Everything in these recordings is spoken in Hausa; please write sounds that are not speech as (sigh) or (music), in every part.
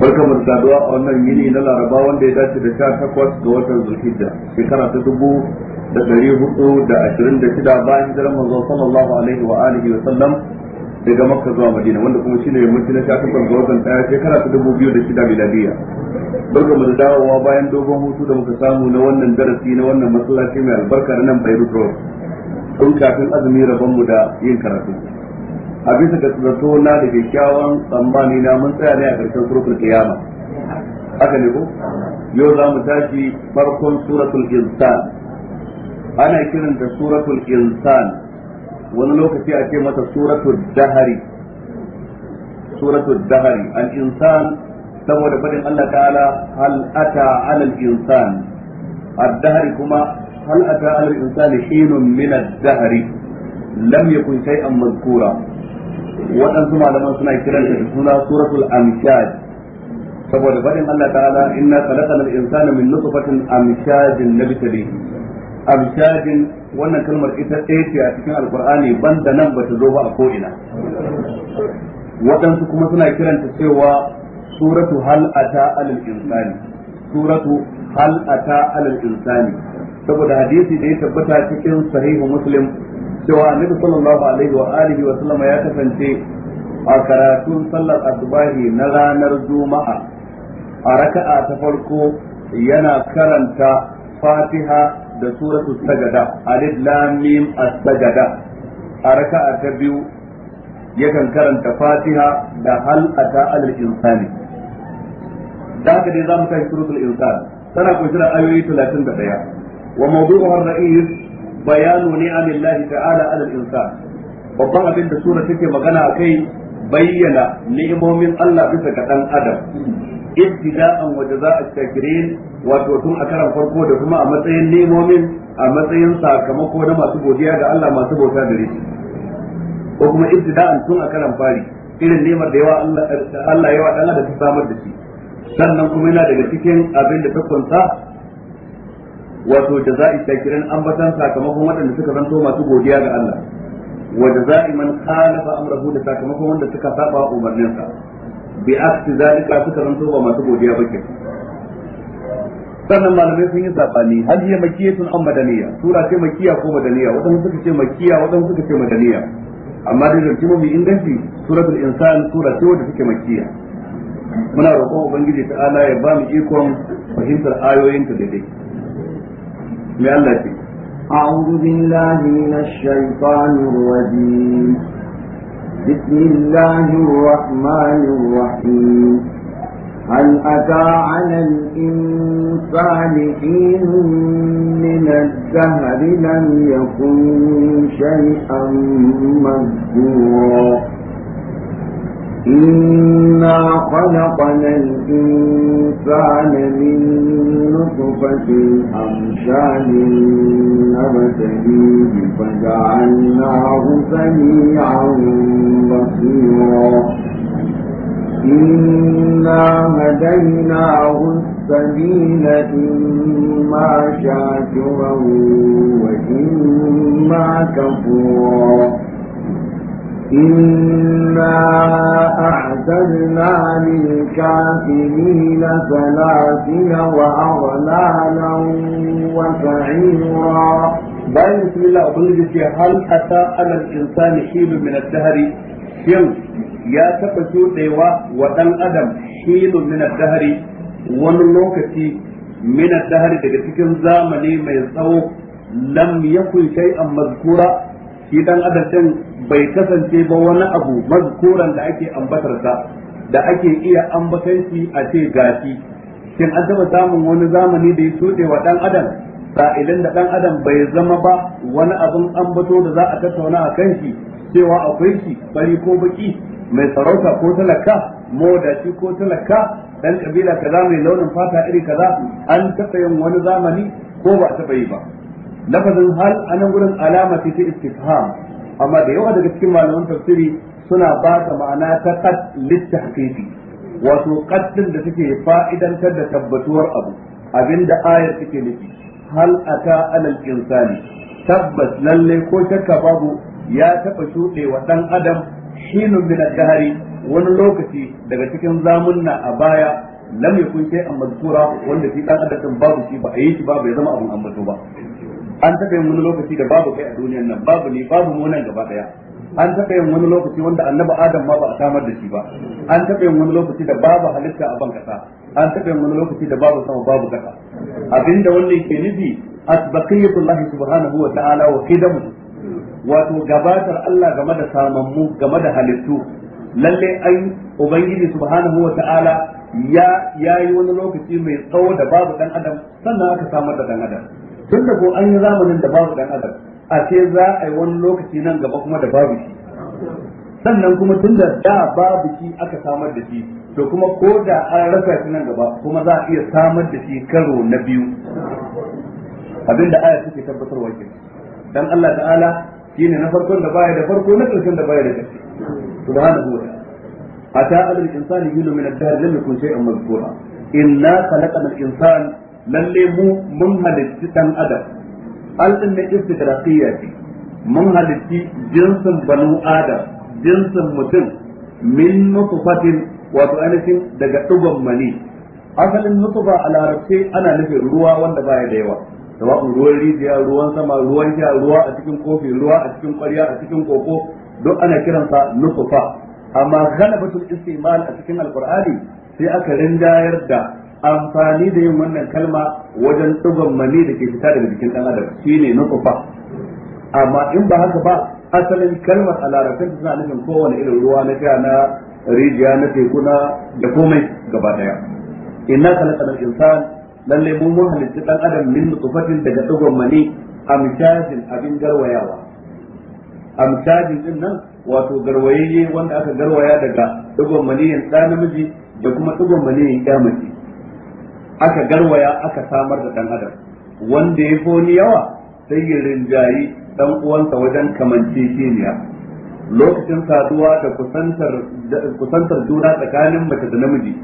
barka mu saduwa a wannan yini na laraba wanda ya dace da sha takwas ga watan zulhijja shekara ta dubu da ɗari hudu da ashirin da shida bayan hijirar manzo sallallahu alaihi wa alihi wa sallam daga makka zuwa madina wanda kuma shine yammaci na sha takwas ga watan ɗaya shekara ta dubu biyu da shida miladiya barka mu dawowa bayan dogon hutu da muka samu na wannan darasi na wannan masallaci mai albarka da nan Beirut Road tun kafin azumi rabon mu da yin karatu a bisa ga zato na da kyakkyawan tsammani na mun tsaya ne a ƙarshen suratul qiyama haka ne ko yau za mu tashi farkon suratul insan ana kiranta suratul insan wani lokaci a ce mata suratul dahari suratul dahari al insan saboda fadin Allah ta'ala hal ata ala al insan ad dahari kuma hal ata ala al insani hinun min ad-dahri lam yakun shay'an mazkura waɗansu malaman suna kiran da suna suratul amshad saboda faɗin Allah ta'ala inna khalaqana al-insana min nutfatin amshajin nabtali amshajin wannan kalmar ita ɗaya ce a cikin alqur'ani banda nan bata zo ba a ko ina waɗansu kuma suna kiranta cewa suratu hal ata alal insani suratu hal ata alal insani saboda hadisi da ya tabbata cikin sahihu muslim cewa annabi sallallahu alaihi wa alihi wa sallama ya kasance a karatun sallar asubahi na ranar juma'a a raka'a ta farko yana karanta fatiha da suratul sajada alif lam mim as-sajada a raka'a ta biyu yakan karanta fatiha da hal ata alal insani da dai zamu kai suratul insan tana kunshe da ayoyi 31 wa mawdu'uha ar-ra'is bayanu ni'amillahi ta'ala 'ala al-insan babban abin da sura take magana akai bayyana ni'imomin Allah bisa ga dan adam ibtida'an wa jaza'a shakirin wato tun a karan farko da kuma a matsayin nemomin a matsayin sakamako na masu godiya ga Allah masu bauta gare shi ko kuma ibtida'an tun a karan fari irin nemar da yawa Allah yawa dan adam ta samar da shi sannan kuma yana daga cikin abin da ta kunta wato da jaza'i shakirin ambatan sakamakon waɗanda suka zanto masu godiya ga Allah wa jaza'i man khalafa amrahu da sakamakon wanda suka saba umarninsa bi aksi zalika suka zanto ba masu godiya ba ke. sannan malamai sun yi sabani hal hiya makiyatun am madaniya sura ce makiya ko madaniya wadanda suka ce makiya wadanda suka ce madaniya amma dai zance mu inganci suratul insan sura ce wadda take makiya muna roƙon ubangiji ta ala ya ba mu ikon fahimtar ayoyin ta daidai أعوذ بالله من الشيطان الرجيم بسم الله الرحمن الرحيم هل أتى على الإنسان حين من الدهر لم يكن شيئا مذكورا إنا خلقنا الإنسان من نطفة أمثال نبتليه فجعلناه سميعا بصيرا إنا هديناه السبيل إما شاكرا وإما كفورا إنا أعتدنا للكافرين سلاسل وأغلالا وسعيرا bayan بسم الله ubangiji ce hal ata alal insani hilun min ad-dahri shin ya taba shudewa wa dan adam hilun min dahari wani lokaci minar dahari daga cikin zamani mai tsawo lam yakun a mazkura shi dan adam bai kasance ba wani abu mazkuran da ake ambatar sa da ake iya shi a ce gashi shin an taba samun wani zamani da ya shuɗe wa dan adam idan da dan adam bai zama ba wani abun ambato da za a tattauna a kan shi cewa akwai shi bari ko baki mai sarauta ko talaka modaci ko talaka dan kabila kaza mai launin fata iri kaza an taba yin wani zamani ko ba a taɓa yi ba lafazin hal a nan gurin alama ce ta istifham amma da yawa daga cikin malaman tafsiri suna ba ta ma'ana ta qad litahqiqi wato qad da suke fa'idantar da tabbatuwar abu abinda ayar take nufi hal ata alal insani tabbas lalle ko shakka babu ya taba shuɗe wa adam hinun min ad wani lokaci daga cikin zamunna a baya lam yakun shay'an mazkura wanda shi dan adam babu shi ba a yi shi ba bai zama abun ambato ba an tafe yin wani lokaci da babu kai a duniyar nan babu ni babu mu nan gaba daya an tafe yin wani lokaci wanda annabi adam ma ba a samar da shi ba an tafe yin wani lokaci da babu halitta a ban kasa an tafe yin wani lokaci da babu sama babu kasa abinda wannan ke nufi asbaqiyatullahi subhanahu wa ta'ala wa qidamu wato gabatar Allah game da samammu game da halittu lalle ai ubangiji subhanahu wa ta'ala ya yayi wani lokaci mai tsawo da babu dan adam sannan aka samar da dan adam tun da ko an yi zamanin da babu dan adam a ce za a yi wani lokaci nan gaba kuma da babu shi sannan kuma tun da da babu shi aka samar da shi to kuma ko da an rasa shi nan gaba kuma za a iya samar da shi karo na biyu abinda aya take tabbatarwa ke dan Allah ta'ala shine na farkon da baya da farko na karshen da baya da karshe subhanahu wa ta'ala ata al insani yulu min ad-dahr lam yakun shay'an mazkura inna khalaqna al insana lalle mu mun halitti dan adam alɗin na istiqraqiya ce mun halitti jinsin banu adam jinsin mutum min nutfatin wato ainihin daga dugon mani asalin nutfa a larabce ana nufin ruwa wanda baya da yawa sawa'un ruwan rijiya ruwan sama ruwan sha ruwa a cikin kofi ruwa a cikin ƙwarya a cikin koko duk ana kiransa nutfa amma ghalabatul istimal a cikin alqur'ani sai aka rinjayar da amfani da yin wannan kalma wajen tsugan mani da ke fita daga jikin dan adam shine nutfa amma in ba haka ba asalin kalmar a larabcin suna nufin kowane irin ruwa na sha na rijiya na teku na da komai gaba daya inna khalaqal insan lalle mun mun halitta dan adam min nutfatin daga tsugan mani amshajin abin garwayawa amshajin din nan wato garwayayye wanda aka garwaya daga tsugan mani da namiji da kuma tsugan mani ya mace aka garwaya aka samar da dan adam wanda ya fi yawa sai ya rinjayi dan uwansa wajen kamanceceniya lokacin saduwa da kusantar kusantar juna tsakanin mace da namiji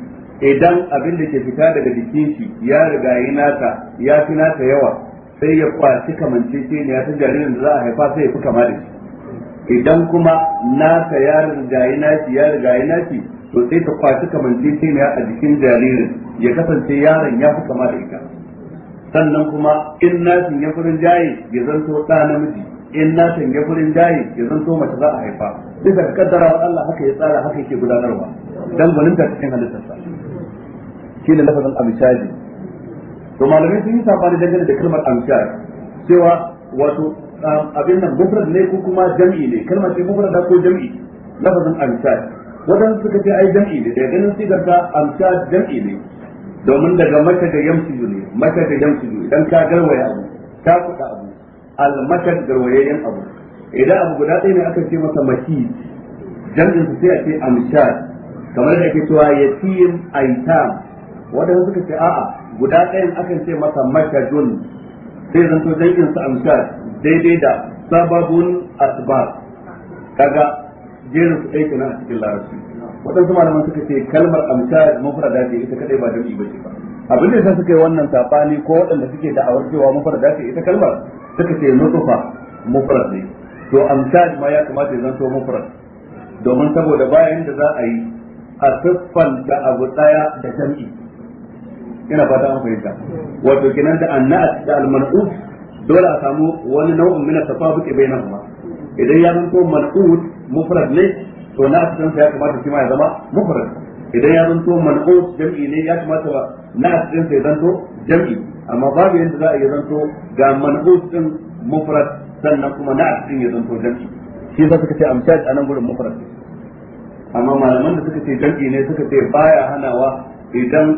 idan abin da ke fita daga jikin shi ya riga yi nata ya fi nata yawa sai ya kwaci kamanceceniya ta jaririn da za a haifa sai ya fi kama da shi idan kuma nata ya riga yi ya riga yi nashi. to sai ta kwaci kamanceceniya a jikin jaririn ya kasance yaron ya fi kama da ita sannan kuma in nasin ya furin jaye ya zanto ɗa namiji in nasin ya furin jaye ya zanto mace za a haifa Duk ga kaddara wa Allah haka ya tsara haka yake gudanarwa dan gwaninta cikin halittarsa shi ne lafazin amshaji to malamai sun yi sabani dangane da kalmar amshar cewa wato um, abin nan mufrad ne ko kuma jam'i ne kalmar ce mufrad ko jam'i lafazin amshaji wadan suka ce ai jam'i ne daga ganin sigar ta amsa jam'i ne domin daga mata da yamsu ne mata da yamsu idan ka garwaya abu ka kuɗa abu al almatar garwayayyen abu idan abu guda ɗaya ne aka ce masa maki jam'in su sai a ce amsa kamar da ake cewa yatim aitam wadanda suka ce a'a guda ɗayan akan ce masa mashadun sai zanto jam'in su amsa daidai da sababun asbab kaga jerin su ɗaya a cikin larabci waɗansu malaman suka ce kalmar amsha mafarada ce ita kadai ba jam'i bace ba abin da suka yi wannan sabani ko waɗanda suke da'awar cewa mafarada ce ita kalmar suka ce nutfa mufrad ne to amsha ma ya kamata ya zanto mufrad domin saboda bayan da za a yi a da abu tsaya da jam'i ina fata an fahimta wato kenan da anna'at da al-man'ut dole a samu wani nau'in mina at-tafabuq bainahuma idan ya zanto man'ut mufrad ne to na cikin sa ya kamata shi ma ya zama mufrad idan ya zanto manqus jam'i ne ya kamata ba na cikin sa ya zanto jam'i amma babu yadda za a yi zanto ga manqus din mufrad sannan kuma na cikin ya zanto jam'i shi yasa suka ce amsaj anan gurin mufrad amma malaman da suka ce jam'i ne suka ce baya hanawa idan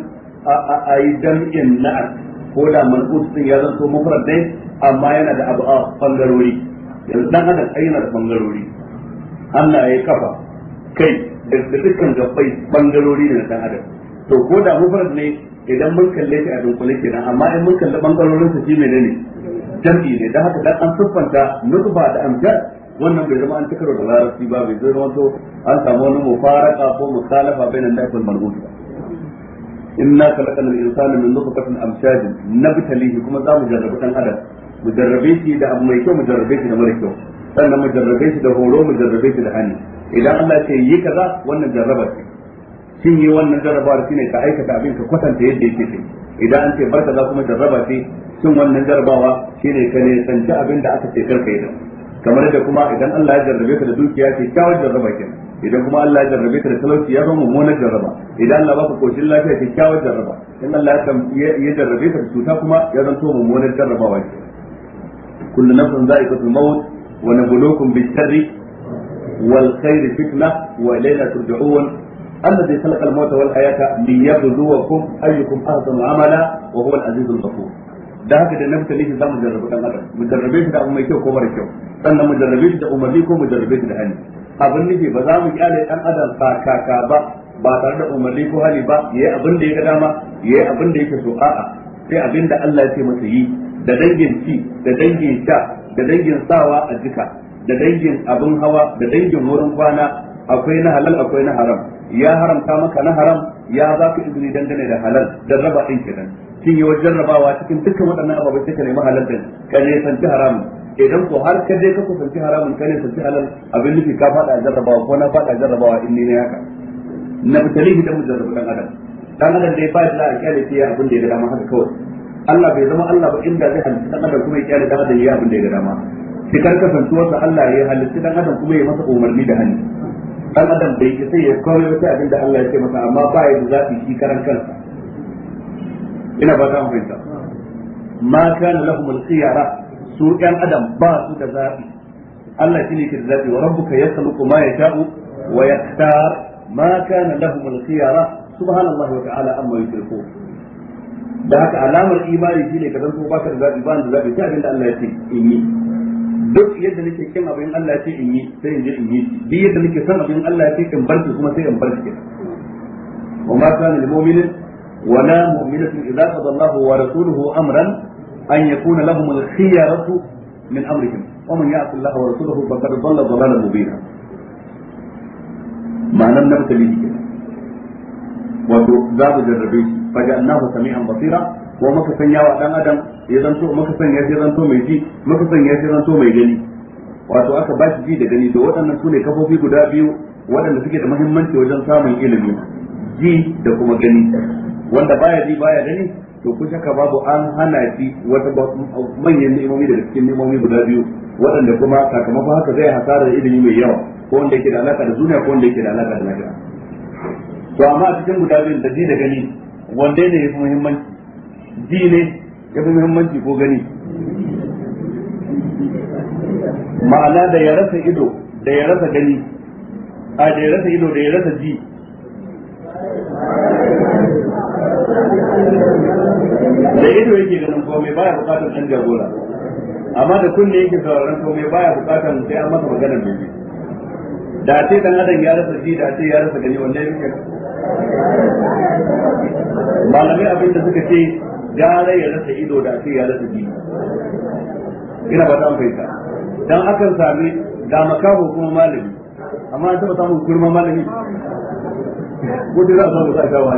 a yi jam'in na'at ko da manqus din ya zanto mufrad ne amma yana da abu a bangarori yanzu dan adam ai yana da bangarori ya kafa kai da dukkan gabbai bangarori ne na dan adam to ko da mufrad ne idan mun kalle shi a dunkule kenan amma in mun kalle bangarorin su shi menene jam'i ne dan haka dan an siffanta nutfa da amjad wannan bai zama an tikaro da larabci ba bai zama to an samu wani mufaraka ko mukhalafa bainan dafin marbutu ba inna khalaqna al-insana min nutfatin amshaj nabtalihi kuma zamu jarrabu dan adam mu jarrabe shi da abu mai kyau mu jarrabe shi da mara kyau sannan mu jarrabe shi da horo mu jarrabe shi da hani idan Allah ce yi kaza wannan jarraba ce shin yi wannan jarrabawar ne ka aikata abin ka kwatanta yadda yake ce idan an ce bar za kuma jarraba ce shin wannan jarrabawa shine ka ne tsanci abin da aka ce karka yi kamar da kuma idan Allah ya jarrabe ka da dukiya ce kyawar jarraba kenan idan kuma Allah ya jarrabe ka da talauci ya zama mummunar jarraba idan Allah ka koshin lafiya kyawar jarraba in Allah ya jarrabe ka da cuta kuma ya zanto mummunar jarrabawa ce kullu nafsin za'iqatul maut ونبلوكم بالشر والخير فتنة وإلينا ترجعون الذي خلق الموت والحياة ليبلوكم أيكم أحسن عملا وهو العزيز الغفور da haka da nafsa ne za mu jarrabe dan adam mu jarrabe shi da abu mai kyau ko mara kyau sannan mu jarrabe shi da umarni ko mu jarrabe shi da hali abin nufi ba za mu kyale dan adam kaka ba ba tare da umarni ko hali ba yayi abin da ya ga dama yayi abin da yake so a'a sai abin da Allah ya ce masa yi da dangin ci da dangin sha da dangin sawa a jika da dangin abin hawa da dangin wurin kwana akwai na halal akwai na haram ya haramta maka na haram ya za ka izini dangane da halal da raba ɗin kenan shin yi wajen rabawa cikin dukkan waɗannan ababai suka nemi halal din ka ne santi haramun idan ko har ka je ka kusanci haramun ka ne santi halal abin nufi ka faɗa a jarrabawa ko na faɗa a jarrabawa in ne haka na fitalihi da mu jarrabu ɗan adam dan adam dai ba da za a kyale fiye abin da ya ga dama haka kawai Allah bai zama Allah ba inda zai halitta dan adam kuma ya kyale dan adam ya abin da ya dama cikar kasantuwarsa Allah ya halitta dan adam kuma ya masa umarni da hannu dan adam bai ki sai ya kawai wata abin da Allah ya ce masa amma ba ya da zafi shi karan kansa ina ba ta fahimta ma kana lahum al-khiyara su ɗan adam ba su da zafi Allah shine ke da zafi wa rabbuka yakhluqu ma yasha'u wa yaktar ma kana lahum al-khiyara subhanallahi wa ta'ala amma yushrikun da haka alamar imani shine ka zanto baka da zaɓi ba da zaɓi sai abin da Allah ya ce in yi duk yadda nake kin abin Allah ya ce in yi sai in je in yi duk yadda nake san abin Allah ya ce in bar shi kuma sai in bar shi wa ma kana lil mu'minin wa la mu'minatin idza qada Allah wa rasuluhu amran an yakuna lahum al khiyaratu min amrihim wa man ya'ti Allah wa rasuluhu faqad dhalla dhalalan mubina ma'anan nabtali wato za mu jarrabe shi fajannahu sami'an basira wa muka sanya wa dan adam ya zanto muka sanya shi zanto mai ji muka sanya shi zanto mai gani wato aka ba shi ji da gani to waɗannan su ne kafofi guda biyu waɗanda suke da muhimmanci wajen samun ilimi ji da kuma gani wanda baya ji baya gani to ku shaka babu an hana shi wata manyan ni'imomi daga cikin ni'imomi guda biyu waɗanda kuma sakamakon haka zai hasara da ilimi mai yawa ko wanda yake da alaka da duniya ko wanda yake da alaka da lahira to amma a cikin guda biyun da ji da gani wanda ne ya fi muhimmanci ji ne ya fi muhimmanci ko gani ma'ana da ya rasa ido da ya rasa gani a da ya rasa ido da ya rasa ji da ido yake ganin komai baya bukatar ɗan jagora amma da kunne yake sauraron komai baya bukatar sai an masa maganar mai da ce dan adam ya rasa ji da ce ya rasa gani wanda yake malamai abin da suka ce gara ya rasa ido da ce ya rasa jini ina ba ta fahimta dan akan sami da makaho kuma malami amma an taɓa samun kurma malami ko dai za a samu saka wa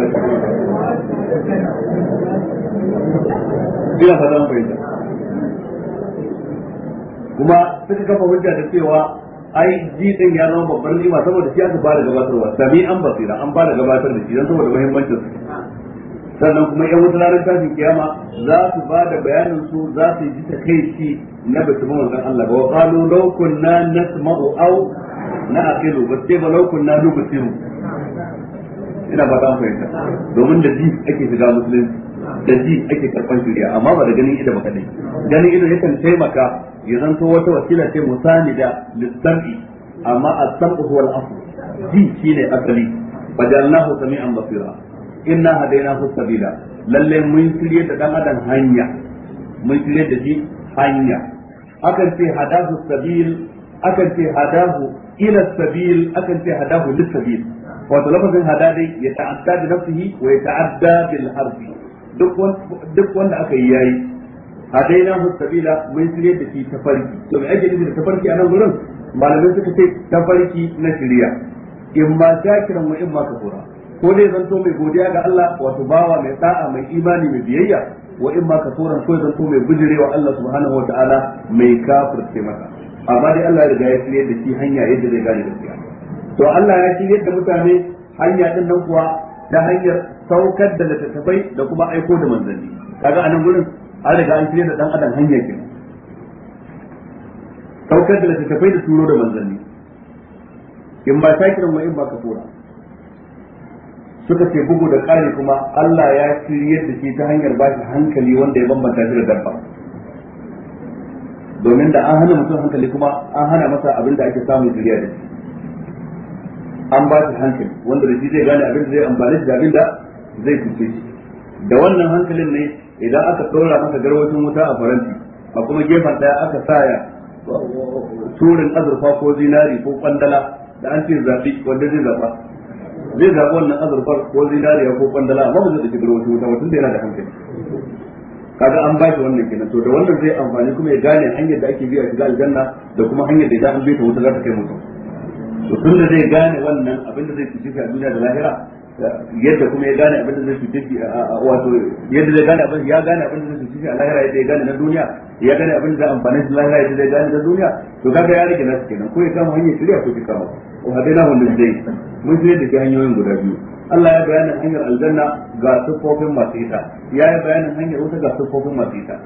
ina ba an fahimta kuma suka kafa hujja da cewa ai ji din ya zama babbar ni'ima saboda shi aka da gabatarwa sami an basira an ba da gabatar da shi dan saboda muhimmancin sannan kuma yan wuta ranar tashin kiyama za su ba da bayanin su za su ji ta kai shi na basu ba manzon Allah ba wa laukun na kunna nasma'u na na'qilu ba sai ba laukun na nubsiru ina ba ta fahimta domin da ji ake shiga musulunci da ji ake karɓar shari'a amma ba da ganin ido ba kaɗai. ganin ido yakan taimaka ya zanto wata wasila ce musanida lissabi amma as-sab'u huwa al-asl ji shine asali fajalnahu sami'an basira inna hadaina hu sabila lalle mun shirye da dan adam hanya mun shirye da shi hanya akan ce hadahu sabil akan ce hadahu ila sabil akan ce hadahu lis sabil wato lafazin hada dai ya ta'adda da nafsihi wa ya ta'adda bil harfi duk duk wanda aka yi yayi hadaina hu sabila mun shirye da shi tafarki to me ake nufi da tafarki a nan gurin malamai suka ce tafarki na shirya in ma shakiran wa in ma kafura ko dai zanto mai godiya ga Allah wato bawa mai da'a mai imani mai biyayya wa in ma ka kafuran ko zanto mai bijirewa Allah subhanahu wa ta'ala mai ce maka amma dai Allah ya riga ya shirye da shi hanya yadda zai gane gaskiya to Allah ya shirye da mutane hanya din nan kuwa ta hanyar saukar da littattafai da kuma aiko da manzanni kaga anan gurin an riga an shirye da dan adam hanya ke saukar da littattafai da turo da manzanni in ba shakiran wa in ba kafura suka ce bugu da ƙari kuma Allah ya shiryar da shi ta hanyar ba shi hankali wanda ya bambanta shi da dabba domin da an hana mutum hankali kuma an hana masa abin da ake samun shirya da shi an ba shi hankali wanda da shi zai gane abin da zai amfani da abin da zai cuce shi da wannan hankalin ne idan aka ɗora masa garwacin wuta a faranti a kuma gefen ɗaya aka saya turin azurfa ko zinari ko kwandala da an ce zaɓi wanda zai zaɓa zai zaɓi wannan azurfar ko zinariya ko kwandala amma ba zai tafi garwa wuta wata da yana da hankali kaga an ba shi wannan kenan to da wannan zai amfani kuma ya gane hanyar da ake biya shiga aljanna da kuma hanyar da idan an bi ta wuta za ta kai mutum to tun da zai gane wannan abin da zai cuce shi a duniya da lahira yadda kuma ya gane abin da zai fice shi wato yadda zai gane abin ya gane abin da zai fice shi a lahira yadda ya gane na duniya ya gane abin da zai amfani shi lahira yadda zai gane na duniya to kaga ya rage nasu kenan ko ya kama hanyar shirya ko ki kama wa hadainahu nizdain mun shirye da hanyoyin guda biyu Allah ya bayyana hanyar aljanna ga siffofin masu ita ya yi bayanin hanyar wuta ga siffofin masu ita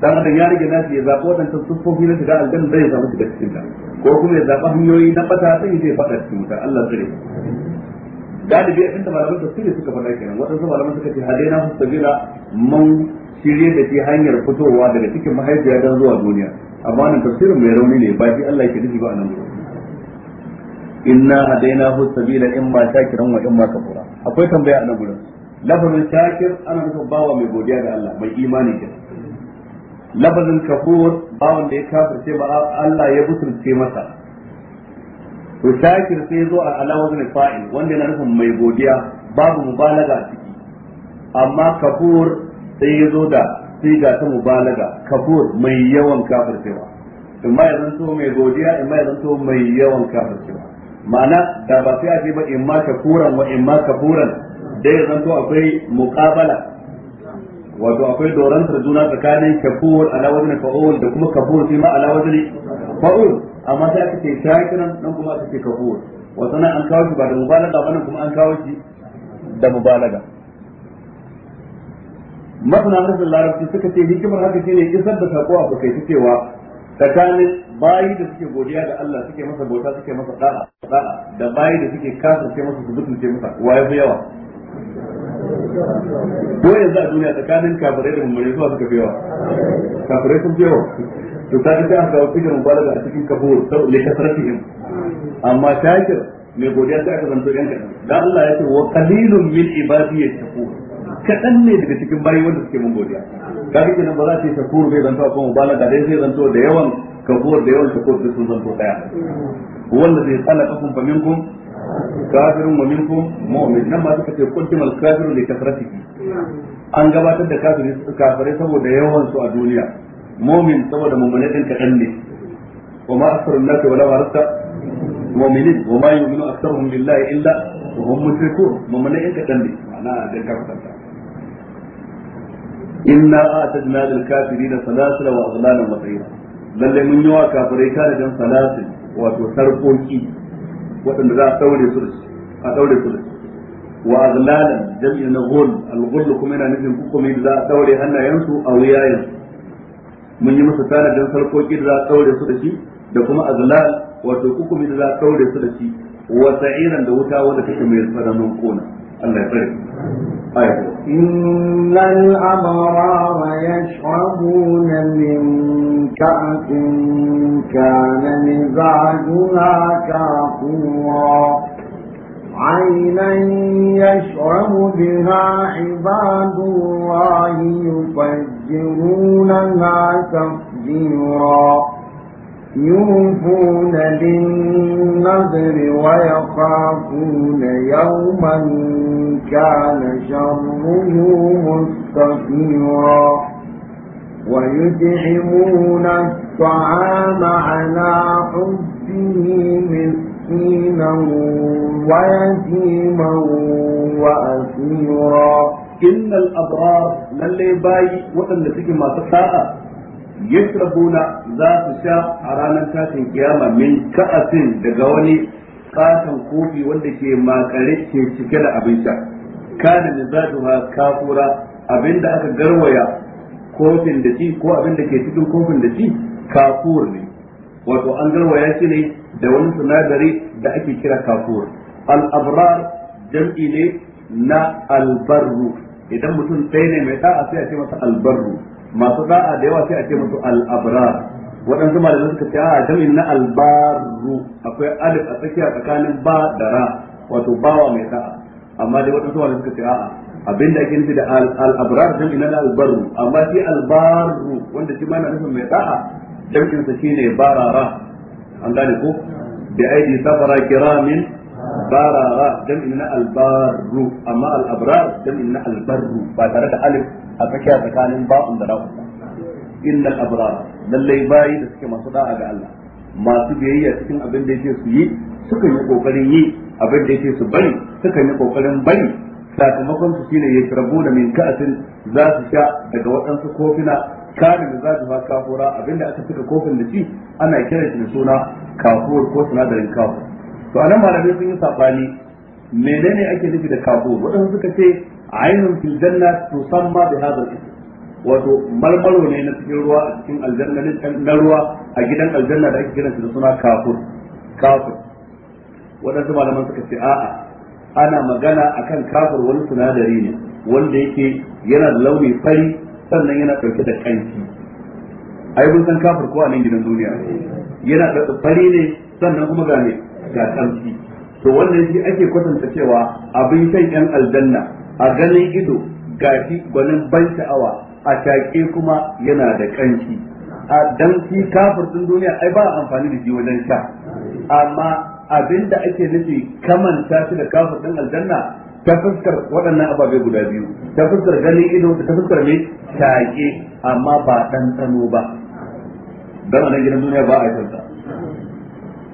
dan adam ya rige nasu ya zaɓi waɗancan siffofi na shiga aljanna zai samu shiga cikin ta ko kuma ya zaɓi hanyoyi na fata sai zai fata cikin wuta Allah zai galibi abin da malaman tafsiri suka faɗa kenan waɗansu malaman suka ce hadaina su sabila man shirye da ke hanyar fitowa daga cikin mahaifiya dan zuwa duniya amma wannan tafsirin mai rauni ne ba shi Allah yake nufi ba a nan gurin inna hu sabila imma shakiran wa imma kafura akwai tambaya a nan gurin lafazin shakir ana nufin bawa mai godiya ga Allah mai imani ke lafazin kafur bawan da ya kafirce ba Allah ya busulce masa to shakir sai zo a alawazin fa'il wanda yana nufin mai godiya babu mubalaga a ciki amma kafur sai ya zo da sai ga ta mubalaga kafur mai yawan kafircewa imma ya zanto mai godiya imma ya zanto mai yawan kafircewa ma'ana da ba sai a ce ba in ma shakuran wa in ma kafuran dai zanto akwai muqabala wato akwai dorantar juna tsakanin shakur ala wajen fa'ul da kuma kafur sai ma ala wajen fa'ul amma sai aka ce shakiran nan kuma aka ce kafur wato nan an kawo shi ba da mubalaga ba nan kuma an kawo shi da mubalaga masana rasul larabci suka ce hikimar haka shine isar da sako a fakaice cewa tsakanin bayi da suke godiya da Allah suke masa bauta suke masa da'a da'a da bayi da suke kafin suke masa su suke masa waye fi yawa ko yanzu a duniya tsakanin kafirai da mummune zuwa suka fi yawa kafirai sun fi yawa to ta ga an kawo fikirin balaga a cikin kafur sau ne kasarfihim amma shakir mai godiya sai aka zanto yan kadan dan Allah ya ce wa qalilun min ibadiyati kafur kaɗan ne daga cikin bayi wanda suke mun godiya kaga kenan ba za ta yi shakur bai zanto ko mubalaga dai zai zanto da yawan kafuwar da yawan shakur duk sun zanto daya wanda zai khalaqakum fa minkum kafirun wa minkum mu'min nan ma suka ce kuntimal kafiru li kasratihi an gabatar da kafiri kafare saboda yawan su a duniya mu'min saboda mummune din kaɗan ne kuma ma asrun nasi wala warasta mu'minin wa ma yu'minu aktharuhum billahi illa wa hum mushrikun mummune din ne ma'ana da kafirai inna a'tadna lil kafirin salasala wa aghlalan wa sa'ira lalle mun yi wa kafirai tare da salasil wato sarkoki waɗanda za a daure su a daure su wa aghlalan jam'i na ghul al ghul kuma yana nufin hukumi da za a daure hannayensu a wuyayensu mun yi musu tanadin sarkoki da za a daure su da shi da kuma azlal wato hukumi da za a daure su da shi wa sa'iran da wuta wanda take mai tsananin kona الله آية إن الأبرار يشربون من كأس كان مزاجها كافورا عينا يشرب بها عباد الله يفجرونها تفجيرا يوفون بالنذر ويخافون يوما كان شره مستطيرا ويدعمون الطعام على حبه مسكينا ويتيما وأسيرا إن الأبرار للي باي وأن تجمع الساعة يشربون za su sha a ranar tashin kiyama min ka'asin daga wani katon kofi wanda ke makare ke cike da abin sha kana mizajuha kafura da aka garwaya kofin da shi ko da ke cikin kofin da shi kafur ne wato an garwaya shi ne da wani sinadari da ake kira kafur al-abrar jam'i ne na albarru idan mutum ɗaya ne mai da'a sai a ce masa albarru masu da'a da yawa sai a ce musu al-abrar waɗansu malamai suka ce a jami'in na albaru akwai alif a tsakiya tsakanin ba da ra wato bawa mai sa'a amma dai waɗansu malamai suka ce a'a abinda ake nufi da al-abrar jami'in na albaru amma shi albaru wanda shi ma na nufin mai sa'a jami'in sa shine barara an gane ko bi aidi safara kiramin barara jam'in na albaru amma al-abrar jam'in na albaru ba tare da alif a tsakiya tsakanin ba'un da ra'un Inna abrar lallai bayi da suke masu da'a ga Allah masu biyayya cikin abin da yake su yi sukan yi kokarin yi abin da yake su bari sukan yi kokarin bari sakamakon su shine ya rabu da min ka'atin za su sha daga waɗansu kofina karin da za su ha kafura abinda aka cika kofin da shi ana kiran shi suna kafur ko sinadarin kafur to anan malamai sun yi sabani menene ake nufi da kafur waɗansu suka ce ainun fil su tusamma bi hadha wato marmaro ne na cikin ruwa a cikin aljanna na ruwa a gidan aljanna da ake shi da suna kafur kafur waɗansu malaman suka ce a'a ana magana akan kafur wani sinadari ne wanda yake yana da launi fari sannan yana ɗauke da kanki ai mun san kafur ko a nan gidan duniya yana da fari ne sannan kuma ga ne ga kanki to wannan shi ake kwatanta cewa abin shan yan aljanna a ganin ido gashi gwanin ban sha'awa a shaƙe kuma yana da ƙanshi a dan shi kafirtin duniya ai ba amfani da shi wajen sha amma abinda ake nufi kamanta shi da kafirtin aljanna ta fuskar waɗannan ababe guda biyu ta fuskar ganin ido da ta fuskar mai shaƙe amma ba tsano ba don a nan gidan duniya ba a yi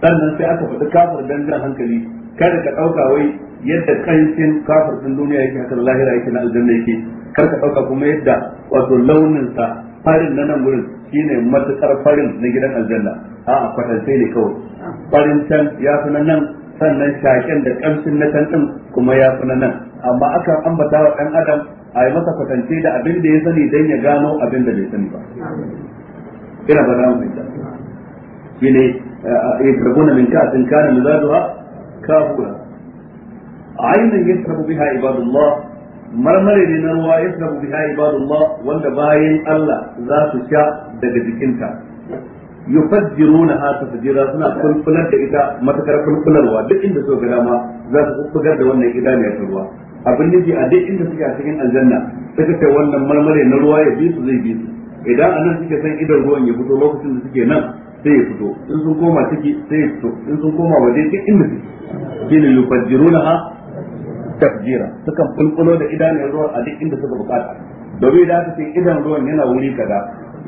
sannan sai aka faɗi kafir dan jan hankali kada ka ɗauka wai yadda kanshin kafir ɗin duniya yake haka lahira yake na aljanna yake kar ka dauka kuma yadda wato launin sa farin na nan gurin shine matukar farin na gidan aljanna a kwatance ne kawai farin can ya fi nan sannan shaken da kamshin na can din kuma ya fi nan amma akan ambata wa dan adam a yi masa kwatance da abin da ya sani dan ya gano abin da bai sani ba ina ba za mu fahimta shine يشربون من Ka كان A كافورا عينا يشرب بها biha ibadullah marmari ne na ruwa ya sabu biha ibadullah wanda bayan Allah za su sha daga jikinta yufajjiruna ha fajira suna kulkular da ita matakar kulkularwa duk inda so ga dama za su kulkular da wannan mai ruwa abin nufi a duk inda suke a cikin aljanna suka kai wannan marmari na ruwa ya bi su zai bi su idan a suke san idan ruwan ya fito lokacin da suke nan sai ya fito in sun koma ciki sai ya fito in sun koma waje duk inda suke gina yufajjiruna ha tafjira sukan bulbulo da idanun ruwan a duk inda suka bukata domin da aka ce idan ruwan yana wuri kaza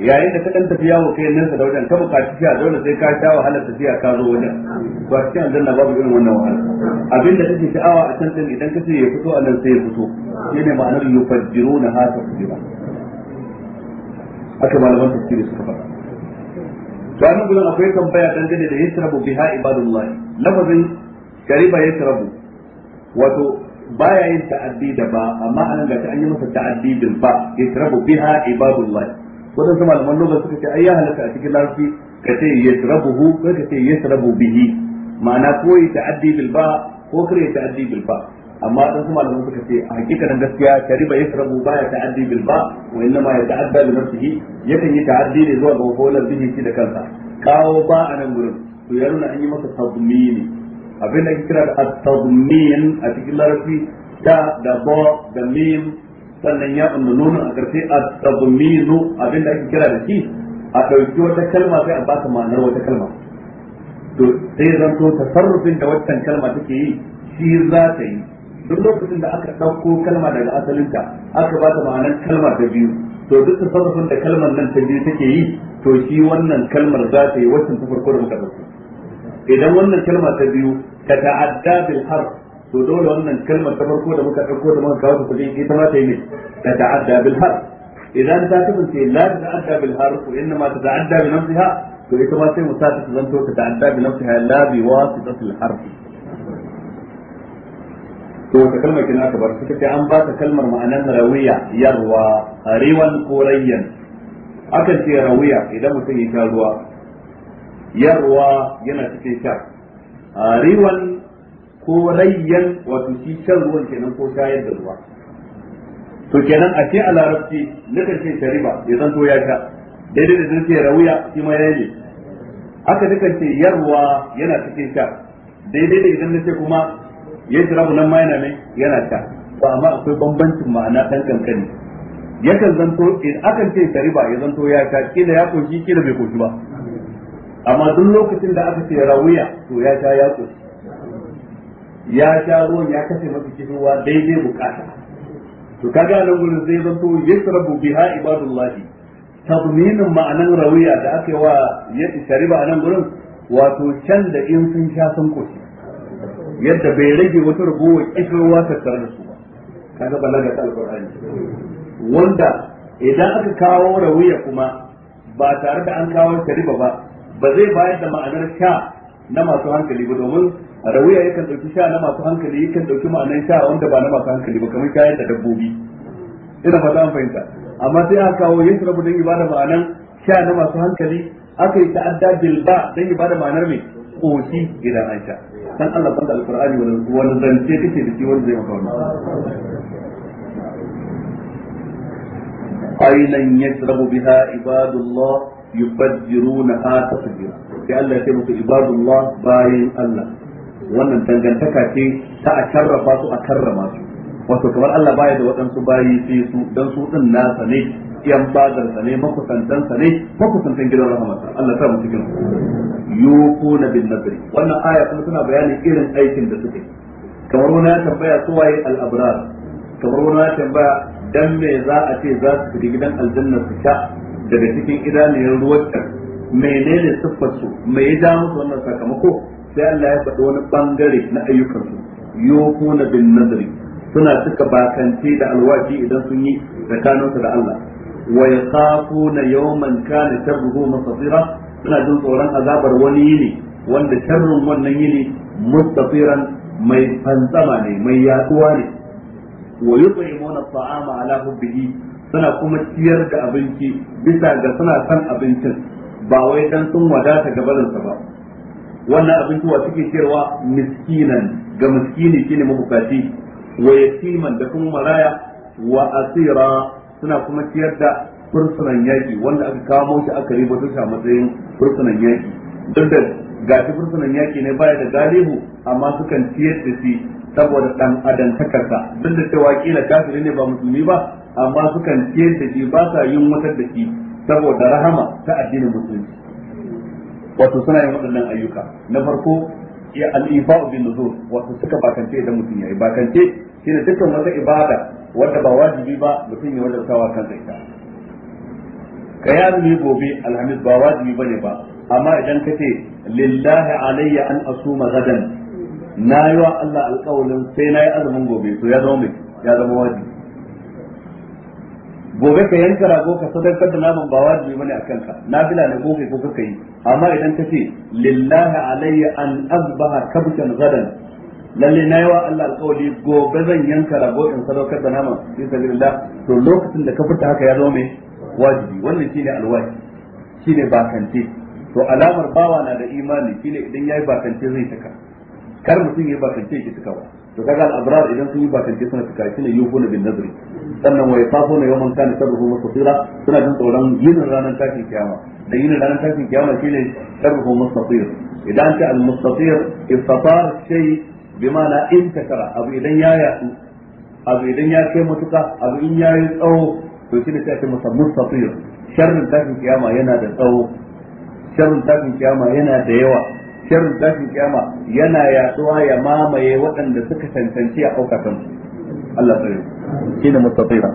yayin da ka dan tafi yawo kai nan da wajen ka bukaci tafiya dole sai ka sha wahala tafiya ka zo wajen to a cikin aljanna babu irin wannan wahala abinda da kake sha'awa a can din idan kace ya fito a nan sai ya fito shine ma'anar yufajjiruna ha tafjira haka malaman tafsiri suka faɗa to annabi gudan akwai tambaya dangane da yasrabu biha ibadullah lafazin kariba yasrabu wato baya yin ta'addi da ba amma anan ga ta an yi masa ta'addi bil ba yasrabu biha ibadullah wadan su malaman lugha suka ce ayya halaka a cikin larabci ka ce yasrabuhu ko ka ce yasrabu bihi ma'ana ko yi ta'addi bil ba ko kare ta'addi bil ba amma dan kuma malaman suka ce a hakikanin gaskiya shariba yasrabu baya ta'addi bil ba wa innama yata'adda li nafsihi yakan yi ta'addi ne zuwa ga hukumar bihi shi da kansa kawo ba a nan gurin to ya nuna an yi masa tadmini abin da ake kira da at-tadmin a cikin larabci ta da ba da mim sannan ya da nunu a karshe at tadmin abin da ake kira da shi a ɗauki wata kalma sai a baka ma'anar wata kalma to sai zan to tasarrufin da wata kalma take yi shi za ta yi duk lokacin da aka ɗauko kalma daga asalinta aka ba ta ma'anar kalma ta biyu to duk tasarrufin da kalmar nan ta biyu take yi to shi wannan kalmar za ta yi waccan ta farko da muka dauko idan wannan kalma ta biyu ka ta'adda bil harf to dole wannan kalma ta farko da muka dauko da muka kawo kudin ita ma ta yi ne ta ta'adda bil harf idan ta kasance la ta'adda bil harf inna ma ta ta'adda bi nafsiha to ita ma sai mu ta zanto ta ta'adda bi nafsiha la bi wasitatil harf to wata kalma kin aka bar suka ce an ba ta kalmar ma'anan rawiya yarwa riwan qurayyan akan ce rawiya idan mutum ya sha ruwa yarwa yana cikin sha riwan ko rayyan wato shi shan ruwan kenan ko shayar da ruwa to kenan a ce a larabci nukan ce shariba ya zanto ya sha daidai da zirce rawuya shi ma ya yi haka nukan ce yarwa yana cikin sha daidai da idan nace kuma ya shirabu nan ma yana mai yana sha ba amma akwai bambancin ma'ana dan kankani yakan zanto in eh, akan ce shariba ya zanto ya sha kila ya koshi kila bai koshi ba amma duk lokacin da aka ce rawiya to ya sha ya ya sha ruwan ya kashe masa kishuwa daidai bukata to kaga nan gurin zai zanto yasrabu biha ibadullahi tabminin ma'anan rawiya da aka yi wa ya shariba a nan gurin wato can da in sun sha sun koshi yadda bai rage wata ragowar kishuwa tattare da su ba kaga balaga ta alqur'ani wanda idan aka kawo rawiya kuma ba tare da an kawo shariba ba ba zai bayar da ma'anar sha na masu hankali ba domin rawiya yakan dauki sha na masu hankali yakan dauki ma'anar sha wanda ba na masu hankali ba kamar shayar da dabbobi ina ba an fahimta amma sai aka kawo yin rabu don ibada ma'anar sha na masu hankali aka yi ta'adda bilba don ibada ma'anar mai koshi idan an sha dan Allah banda alqur'ani wani zance kake da shi wanda zai maka wannan عينا yasrabu biha ibadullah yubajjiruna ha tasbira sai Allah ya ce musu ibadullah bayin Allah wannan dangantaka ce ta a karrafa su a karrama su wato kamar Allah baya da waɗansu bayi sai su dan su din nasa ne yan badarsa ne makusantansa ne makusantan gidan rahamarsa Allah ta mu cikin yufuna bin nadri wannan aya kuma tana bayanin irin aikin da suke kamar wani ya tambaya su waye al-abrar kamar wani ya tambaya dan me za a ce za su shiga gidan aljanna su sha daga cikin idaniyar ruwarta menene siffarsu mai ya ja musu wannan sakamako sai Allah ya faɗi wani bangare na ayyukansu yofuna bin nazari suna suka bakance da alwashi idan sun yi tsakaninsu da Allah wa yaqafuna yawman kana sharruhu masatira suna jin tsoron azabar wani yini wanda sharrun wannan yini mustafiran mai fantsama ne mai yaduwa ne wa yut'imuna at'ama ala hubbihi suna kuma ciyar da abinci bisa ga suna san abincin ba wai dan sun wadata gabarinsa ba wannan abinci wa suke ciyarwa miskinan ga miskini shine mabukaci wa yatiman da kuma maraya wa asira suna kuma ciyar da fursunan yaki wanda aka kawo shi aka riba shi a matsayin fursunan yaki duk da gashi fursunan yaki ne baya da galihu amma sukan ciyar da shi saboda dan adam duk da cewa kila kafiri ne ba musulmi ba amma sukan ciyar da shi ba sa yin wata da shi saboda rahama ta addinin musulunci wato suna yin waɗannan ayyuka na farko ya al'ifa bin nuzur wato suka bakance idan mutum yayi bakance shine dukkan wata ibada wanda ba wajibi ba mutum ya sawa kan ita ka yi azumi gobe alhamis ba wajibi bane ba amma idan ka ce lillahi alayya an asuma gadan na yi wa Allah alƙawalin sai na yi azumin gobe to ya zama mai ya zama wajibi gobe ka yanka rago ka sadaukar da naman ba wajibi bane a kanka na bila na gobe ko kuka yi amma idan ka ce lillahi alayya an azbaha kabtan gadan lalle na yi wa Allah alƙawari gobe zan yanka rago in sadaukar da naman fi sabilillah to lokacin da ka furta haka ya zo mai wajibi wannan shine alwaji shine bakante to alamar bawa na da imani shine idan yayi bakante zai saka kar mutum ya bakance ki saka ba to kaga al-abrar idan sun yi ba kan suna fika shine yuhuna bin nazri sannan wa yasafuna yawman kana sarruhu mustaqira suna jin tsoron yin ranar tashin kiyama da yin ranar tashin kiyama shine sarruhu mustaqir idan ta al-mustaqir istatar shay bimana intakara abu idan ya yatsu abu idan ya kai matuka abu in ya yi tsawo to shine sai ta masa mustaqir sharrin tashin kiyama yana da tsawo sharrin tashin kiyama yana da yawa shirin tashin kiyama yana yaduwa ya mamaye waɗanda suka tantance a aukatan Allah tsare shine mustatira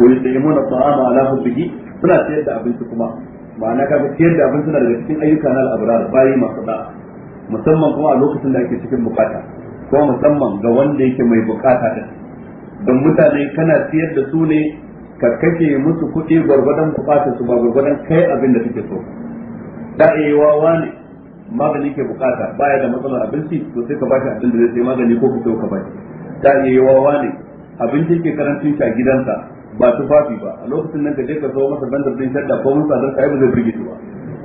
wani da yamuna ta'ama ala hubbihi suna tsayar da abinci kuma ma'ana kaga tsayar da abinci na daga cikin ayyuka na al'abrar bayi masu da musamman kuma a lokacin da ake cikin bukata ko musamman ga wanda yake mai bukata din don mutane kana ciyar da su ne ka kake musu kuɗi gwargwadon bukatar su ba gwargwadon kai abin da kake so da ayewa wani magani ke bukata baya da matsalar abinci to sai ka ba shi abin da zai sai magani ko kuma ka ba shi da ayewa wani abinci ke karancin shi a gidansa ba tufafi ba a lokacin nan ka je ka zo masa bandar din shadda ko mun sadar ka yi ba zai burge ba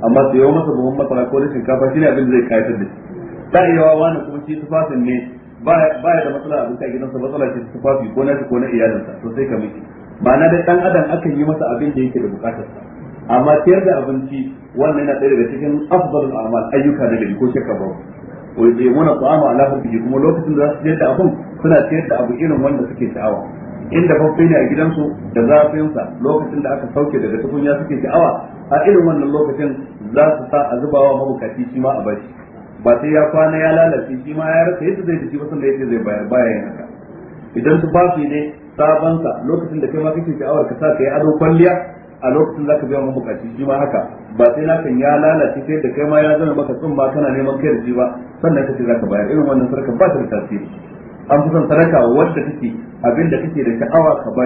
amma sai yau masa buhun masara ko da shinkafa ne abin da zai kayatar da shi da ayewa kuma shi tufafin ne baya da matsalar abinci a gidansa matsala ce tufafi ko na shi ko na iyalinsa to sai ka miki ma'ana da dan adam akan yi masa abin da yake da bukatarsa amma ciyar da abinci wannan yana ɗaya daga cikin afdalul a'mal ayyuka da gari ko shakka ba wa yuzimuna ta'ama ala hubbihi kuma lokacin da za su ciyar da abin suna ciyar da abu irin wanda suke sha'awa inda babbe ne a gidansu da zafinsa lokacin da aka sauke daga tukunya suke sha'awa a irin wannan lokacin za su sa a zubawa mabukaci shi ma a bashi ba sai ya kwana ya lalace shi ma ya rasa yadda zai tafi ba sanda yace zai bayar baya yin haka idan tufafi ne sa lokacin da kai ma kake sha'awar ka sa ka yi ado kwalliya a lokacin zaka biya mabukaci shi ma haka ba sai na kan ya lalace sai da kai ma ya zama maka tsumma kana neman kai da shi ba sannan kace zaka bayar irin wannan sarka ba ta da tasiri an fi son sadaka wanda kake abin da kake da sha'awa ka ba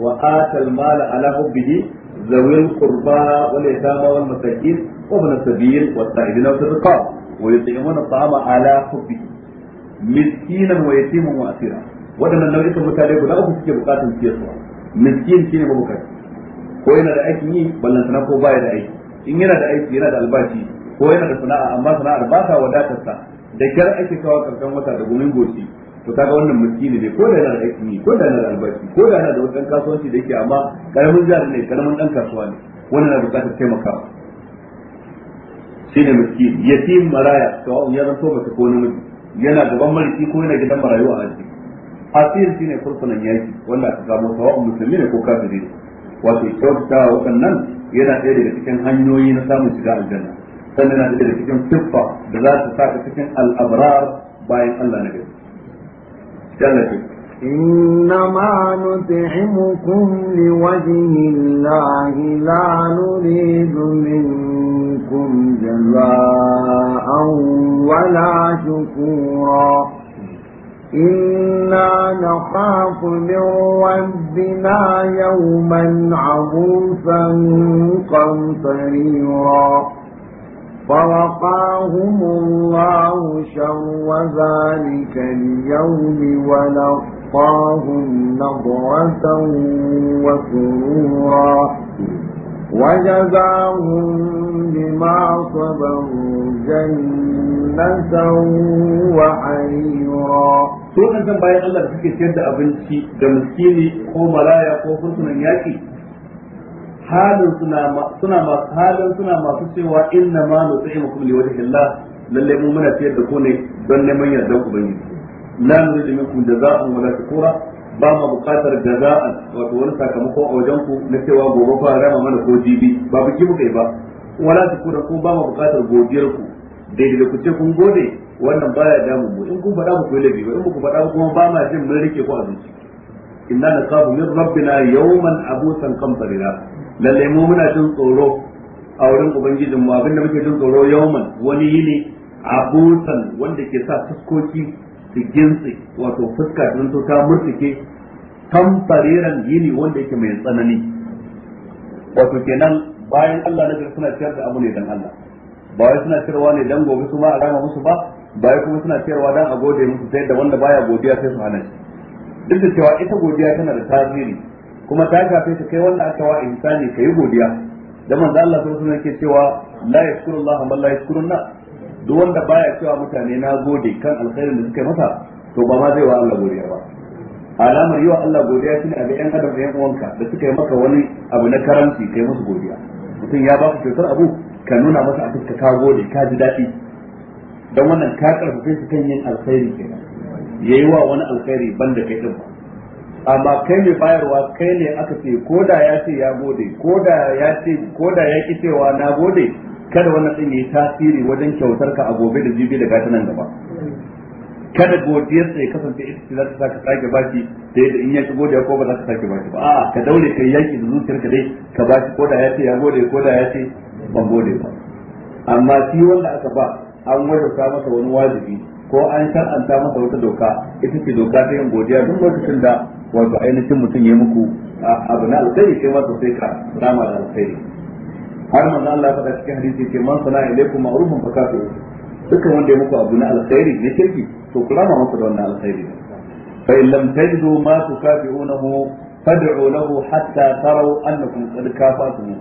wa atal mala ala hubbihi zawil qurba wal yatama wal masakin wa ibn sabil wa sa'idina wa sirqa wa yut'imuna at'ama ala hubbihi miskinan wa yatiman wa asira waɗannan nau'ikan mutane guda uku suke bukatun ciyarwa miskin shine mabukaci ko yana da aikin yi sana ko baya da aiki in yana da aiki yana da albashi ko yana da sana'a amma sana'ar ba ta wadatarsa da kyar ake kawo karshen wata da gumin goshi to kaga wannan miskini ne ko da yana da aikin yi ko da yana da albashi ko da yana da wani kasuwanci da yake amma karamin jari ne karamin dan kasuwa ne wannan na buƙatar taimakawa shine miskini yatim maraya sawa'un ya zanto ta ko namiji yana gaban mariki ko yana gidan marayu a aji asir shine fursunan yaki wanda aka samu sawa'un musulmi ne ko kafiri ne wato kyautata wa waɗannan yana ɗaya daga cikin hanyoyi na samun shiga aljanna sannan yana ɗaya daga cikin siffa da za ta sa ka cikin al'abrar bayan Allah na gari. Jallafi. إنما نطعمكم لوجه الله لا نريد منكم جزاء wala شكورا إنا نخاف من ربنا يوما عبوسا قمطريرا فوقاهم الله شر ذلك اليوم ولقاهم نضرة وسرورا وجزاهم بما صبروا جنة وحريرا su waɗannan bayan Allah da suke siyar da abinci ga miskini ko maraya ko fursunan yaƙi halin suna masu halin suna masu cewa inna ma nutaimukum liwajhi Allah lalle mun muna siyar da ku ne don neman yardan nuna da nuridu minkum jazaa'an wala shukura ba ma buƙatar jaza'an wato wani sakamako a wajen ku na cewa gobe fa rama mana ko jibi ba ki mu yi ba wala shukura ko ba ma buƙatar godiyar ku daidai da ku ce kun gode wannan baya damun mu in kun faɗa muku laifi ba in ku faɗa kuma ba ma jin mun rike ku a zuci inna nasabu min rabbina yawman abusan qamtarina lalle mu muna jin tsoro a wurin ubangijin mu abinda muke jin tsoro yawman wani yini abusan wanda ke sa fuskoki su gintse wato fuska din to ta murtike kamfariran yini wanda yake mai tsanani wato kenan bayan Allah na suna ciyar da abu ne dan Allah ba wai suna ciyarwa ne dan gobe su ma a musu ba baya kuma suna cewa dan a gode musu sai da wanda baya godiya sai su hana shi duk da cewa ita godiya tana da tasiri kuma ta shafe ta kai wanda aka wa insani kai godiya da manzo Allah sai sunan ke cewa la yashkuru Allah man la yashkurun duk wanda baya cewa mutane na gode kan alkhairin da suka masa to ba ma zai wa Allah godiya ba alamar yi Allah godiya shine a ga yan adam da yan uwanka da suka yi maka wani abu na karanci kai musu godiya mutum ya ba ku kyautar abu ka nuna masa a fuska ka gode ka ji daɗi don wannan ka karfafe shi kan yin alkhairi kenan yayi wa wani alkhairi banda kai din amma kai mai bayarwa kai ne aka ce ko da ya ce ya gode ko da ya ce ko da ya ki cewa na gode kada wannan din yayi tasiri wajen kyautar ka a gobe da jibi da gata nan gaba kada godiyar sai kasance ita ce za ta saka sake baki sai da in ya ci godiya ko ba za ka sake baki ba a'a ka daure kai yaki da ka dai ka baki ko da ya ce ya gode ko da ya ce ban gode ba amma shi wanda aka ba an wajabta masa wani wajibi ko an shar'anta masa wata doka ita ce doka ta yin godiya duk lokacin da wato ainihin mutum ya muku abu na alkhairi sai masa sai ka rama da alkhairi har manzo Allah ya faɗa cikin hadisi ce man sana ilaikum ma'rufun fakatu dukkan wanda ya muku abu na alkhairi ne kirki to ku rama masa da wannan alkhairi fa in lam tajidu ma tukafi'unahu fad'u lahu hatta taraw annakum qad kafatum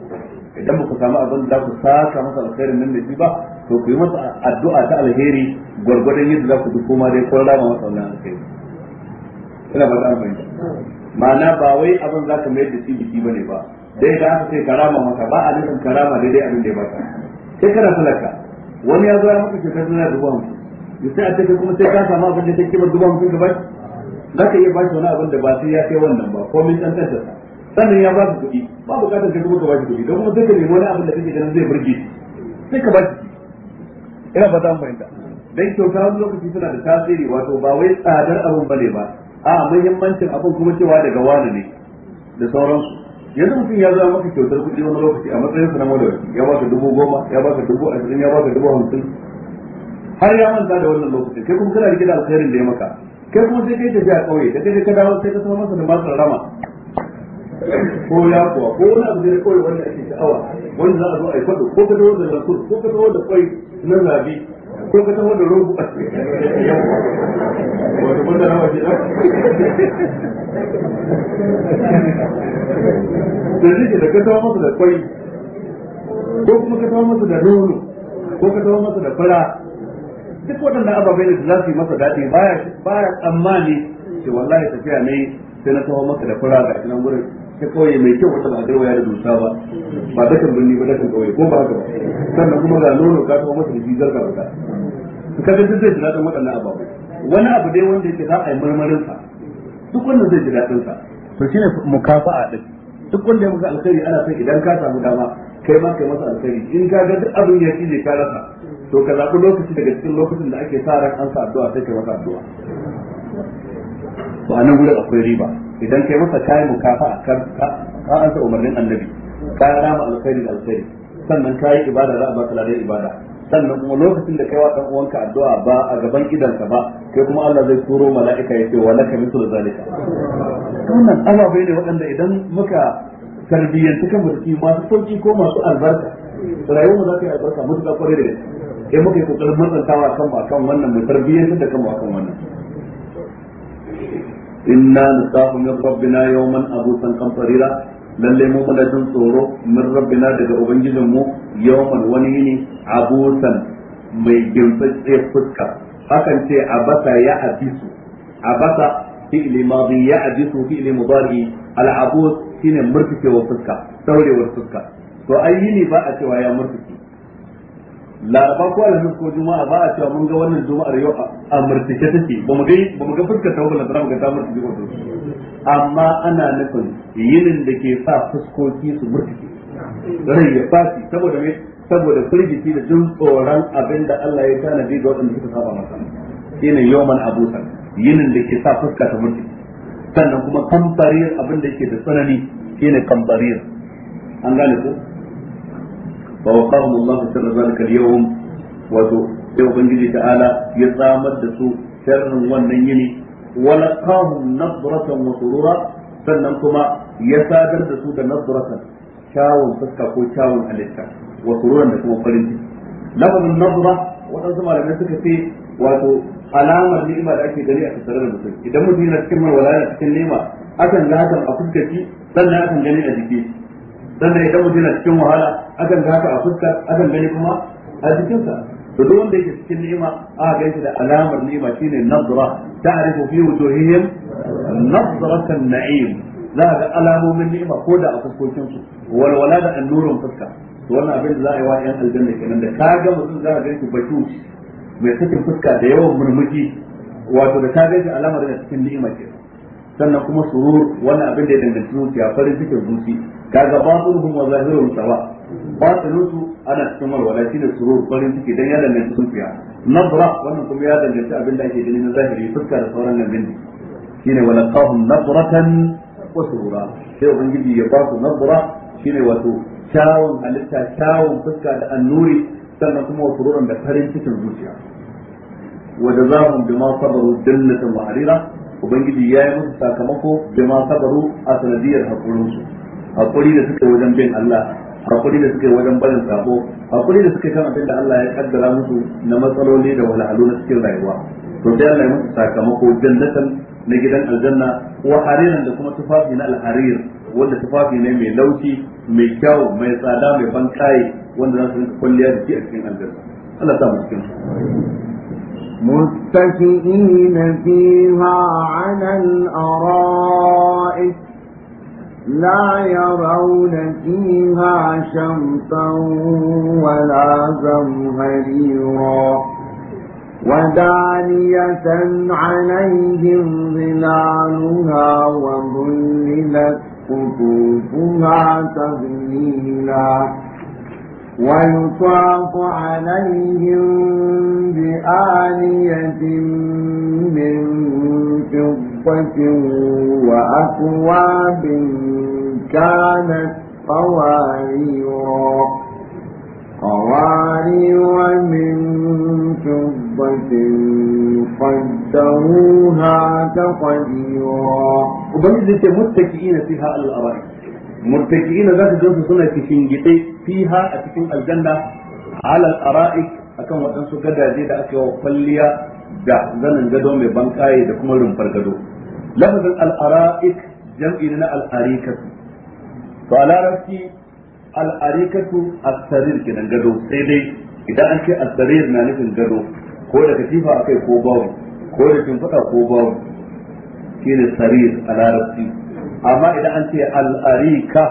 idan ba ku samu abin da ku saka masa alkhairin nan da shi ba to ku yi masa addu'a ta alheri gwargwadon yadda za ku ji koma dai ko rama masa wannan alkhairi ina ba ta fahimta ma'ana ba wai abin za ka mayar da shi biki bane ba dai da aka sai karama maka ba a nufin karama daidai abin da ya baka sai kana talaka wani ya zo ya maka shekar na dubu hamsin sai a cikin kuma sai ka samu abin da ta kibar dubu hamsin gaba za ka iya ba shi wani abin da ba sai ya kai wannan ba komai ɗan sa sannan ya ba su kuɗi ba bukatar sai kuma ka ba shi kuɗi don kuma sai ka nemi wani abin da kake ganin zai burge sai ka ba shi ina fata an fahimta dan kyauta wani lokaci suna da tasiri wato ba wai tsadar abin bane ba a muhimmancin abin kuma cewa daga wani ne da sauransu yanzu mutum ya zama maka kyautar kuɗi wani lokaci a matsayin sa na madawaci ya ba ka dubu goma ya ba ka dubu ashirin ya ba ka dubu hamsin har ya manta da wannan lokacin kai kuma kana rike da alkhairin da ya maka kai kuma sai kai tafiya ƙauye da kai ka dawo sai ka samu masa da masar rama ko ya kuwa ko wani abu zai kawai wanda ake sha'awa wanda za a zo a yi faɗo ko ka taho da lakur ko ka taho da kwai na zabi ko ka taho da rogo a wata wanda na waje na da zai da ka taho masa da kwai ko kuma ka taho masa da nono ko ka taho masa da fara duk waɗanda ababai da za su yi masa daɗi baya baya tsammani ce wallahi tafiya ne sai na taho masa da fura ga nan wurin ta kauye mai kyau wata ba garwaya da dusa ba ba da kan birni ba da kan kauye ko ba haka ba sannan kuma ga nono ka kawo masa da jizar karanta su kaga duk zai ji daɗin waɗannan ababu wani abu dai wanda yake za a yi marmarinsa duk wanda zai ji daɗin sa to shine mukafa'a din duk wanda ya muka alkhairi ana son idan ka samu dama kai ma kai masa alkhairi in ka ga duk abin ya ne ka rasa to ka zaɓi lokaci daga cikin lokacin da ake sa ran an sa addu'a sai kai masa addu'a ba nan gudan akwai riba idan kai masa kai mukafa a kan ka an umarnin annabi ka rama alkhairi alkhairi sannan ka yi ibada za a baka ladan ibada sannan kuma lokacin da kai wa dan uwanka addu'a ba a gaban idanka ba kai kuma Allah zai turo mala'ika ya ce wa laka mithlu zalika wannan ababai ne waɗanda idan muka tarbiyyantu kan mulki masu sauki ko masu albarka rayuwar mu za ta yi albarka mutuka kwarai da gaske sai muka yi kokarin mantsantawa kan mu akan wannan mu tarbiyyantar da ba akan wannan inna nakafu min rabbina yawman abusan qamtarira lalle mu muna jin tsoro min rabbina daga ubangijin mu yawman wani yini abusan mai gimtsatse fuska hakan ce abasa ya abisu abasa fi'li madi ya abisu fi'li mudari al-abus shine murtuke wa fuska daurewar fuska to yini ba a cewa ya murtuke laraba ko alhamis ko juma'a ba a cewa mun ga wannan juma'ar yau a murtike take ba mu ga ba mu ga fuskar ta wannan zama ga ta murtike ko amma ana nufin yinin da ke sa fuskoki su murtike rai ya fasi saboda me saboda firgiti da jin tsoron abin da Allah ya da wannan da suka saba masa shine yawman abusan yinin da ke sa fuska ta murtike sannan kuma kambariyar abin da ke da tsanani shine kambariyar an gane ko fa waqahum Allahu sharra zalika al-yawm wato sai ubangiji ta'ala ya samar da su sharrin wannan yini wa laqahum nadratan wa surura sannan kuma ya sadar da su da nadratan kyawun fuska ko kyawun halitta wa sururan da farin waɗansu malamai suka wato alamar da ake gani a tattare da mutum idan mutum yana cikin marwala yana cikin nema akan ga hakan a fuskaci sannan akan gani a jiki sannan idan mutum yana cikin wahala akan gata a fuska akan gani kuma a jikinsa to duk wanda yake cikin ni'ima a gaishe da alamar ni'ima shine nazra ta'rifu fi wujuhihim nazratan na'im za ga alamomin ni'ima ko da a fuskokin su walwala da annurun fuska to wannan abin da za a yi wa yan aljanna kenan da ka ga mutum za ka ga shi mai sakin fuska da yawan murmuki, wato da ka gaishe alamar da cikin ni'ima kenan sannan kuma surur wannan abin da ya danganci zuciya farin cikin zuci kaga baturuhum wa zahiruhum sawa batilun su ana cikin walwala shi da surur farin ciki dan ya danganci zuciya nazra wannan kuma ya danganci abin da ake gani na zahiri fuska da sauran nan shine walaqahum nazratan wa surura sai ubangiji ya ba su nazra shine wato kyawun halitta kyawun fuska da annuri sannan kuma wa sururan da farin cikin zuciya wa jazahum bima sabaru jannatan wa harira ubangiji ya yi musu sakamako bima sabaru a sanadiyar hakurin su da suka wajen bin Allah hakuri da suka yi wajen barin sabo hakuri da suka yi kan abin da Allah ya kaddara musu na matsaloli da wahalhalu na cikin rayuwa to sai Allah ya musu sakamako jannatan na gidan aljanna wa hariran da kuma tufafi na alharir wanda tufafi ne mai lauki, mai kyau mai tsada mai ban wanda za su rinka kwalliya da shi a cikin aljanna Allah ta mu cikin متكئين فيها على الأرائك لا يرون فيها شمسا ولا زمهريرا ودانية عليهم ظلالها وذللت قطوفها تذليلا ويطاف عليهم بآنية من فضة فضة وأكواب كانت قواريرا قوارير من فضة قدروها تقديرا وبنجد متكئين فيها الأرائك متكئين ذات جنس سنة شنجتي فيها أتكين الجنة على الأرائك أكون waɗansu gadaje da aka فليا da zanin gado mai bankaye da kuma rumfar gado lafazin al'ara'ik jam'i na al'arikatu to a larabci al'arikatu a tsarir kenan gado sai dai idan an ce a tsarir na nufin gado ko da katifa akai ko bawu ko da shimfiɗa ko bawu shine sarir a larabci amma idan an ce al'arika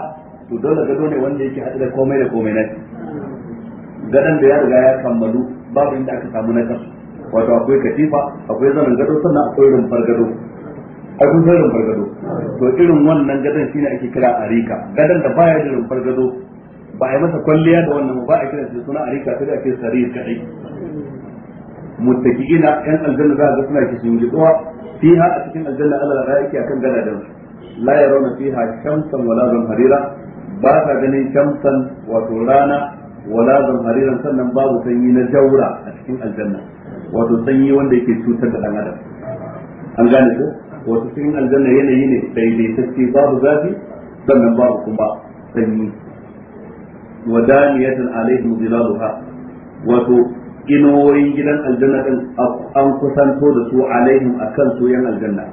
to dole gado ne wanda yake haɗe da komai da komai na gadon da ya riga ya kammalu babu inda aka samu na kasu wato akwai katifa akwai zanen gado sannan akwai rumfar gado a zanen fargado. rumfar gado to irin wannan gadon shine ake kira arika gadon da baya da rumfar gado ba a yi masa kwalliya da wannan ba a kira shi suna arika sai da ake sarir kadai muttaqiina yan aljanna za ga suna kishin gitsuwa fiha a cikin aljanna Allah ya yake akan gadadan la yarawna fiha shamsan wala zamharira ba ta ganin shamsan wato rana wala zamhariran sannan babu sanyi na jaura a cikin aljanna wato sanyi wanda yake cutar da dan adam an gane ko wato cikin aljanna yanayi ne daidaitacce babu zafi sannan babu kuma sanyi wa daniyatan alaihim zilaluha wato inuwoyin gidan aljanna din an kusanto da su alaihim akan su yan aljanna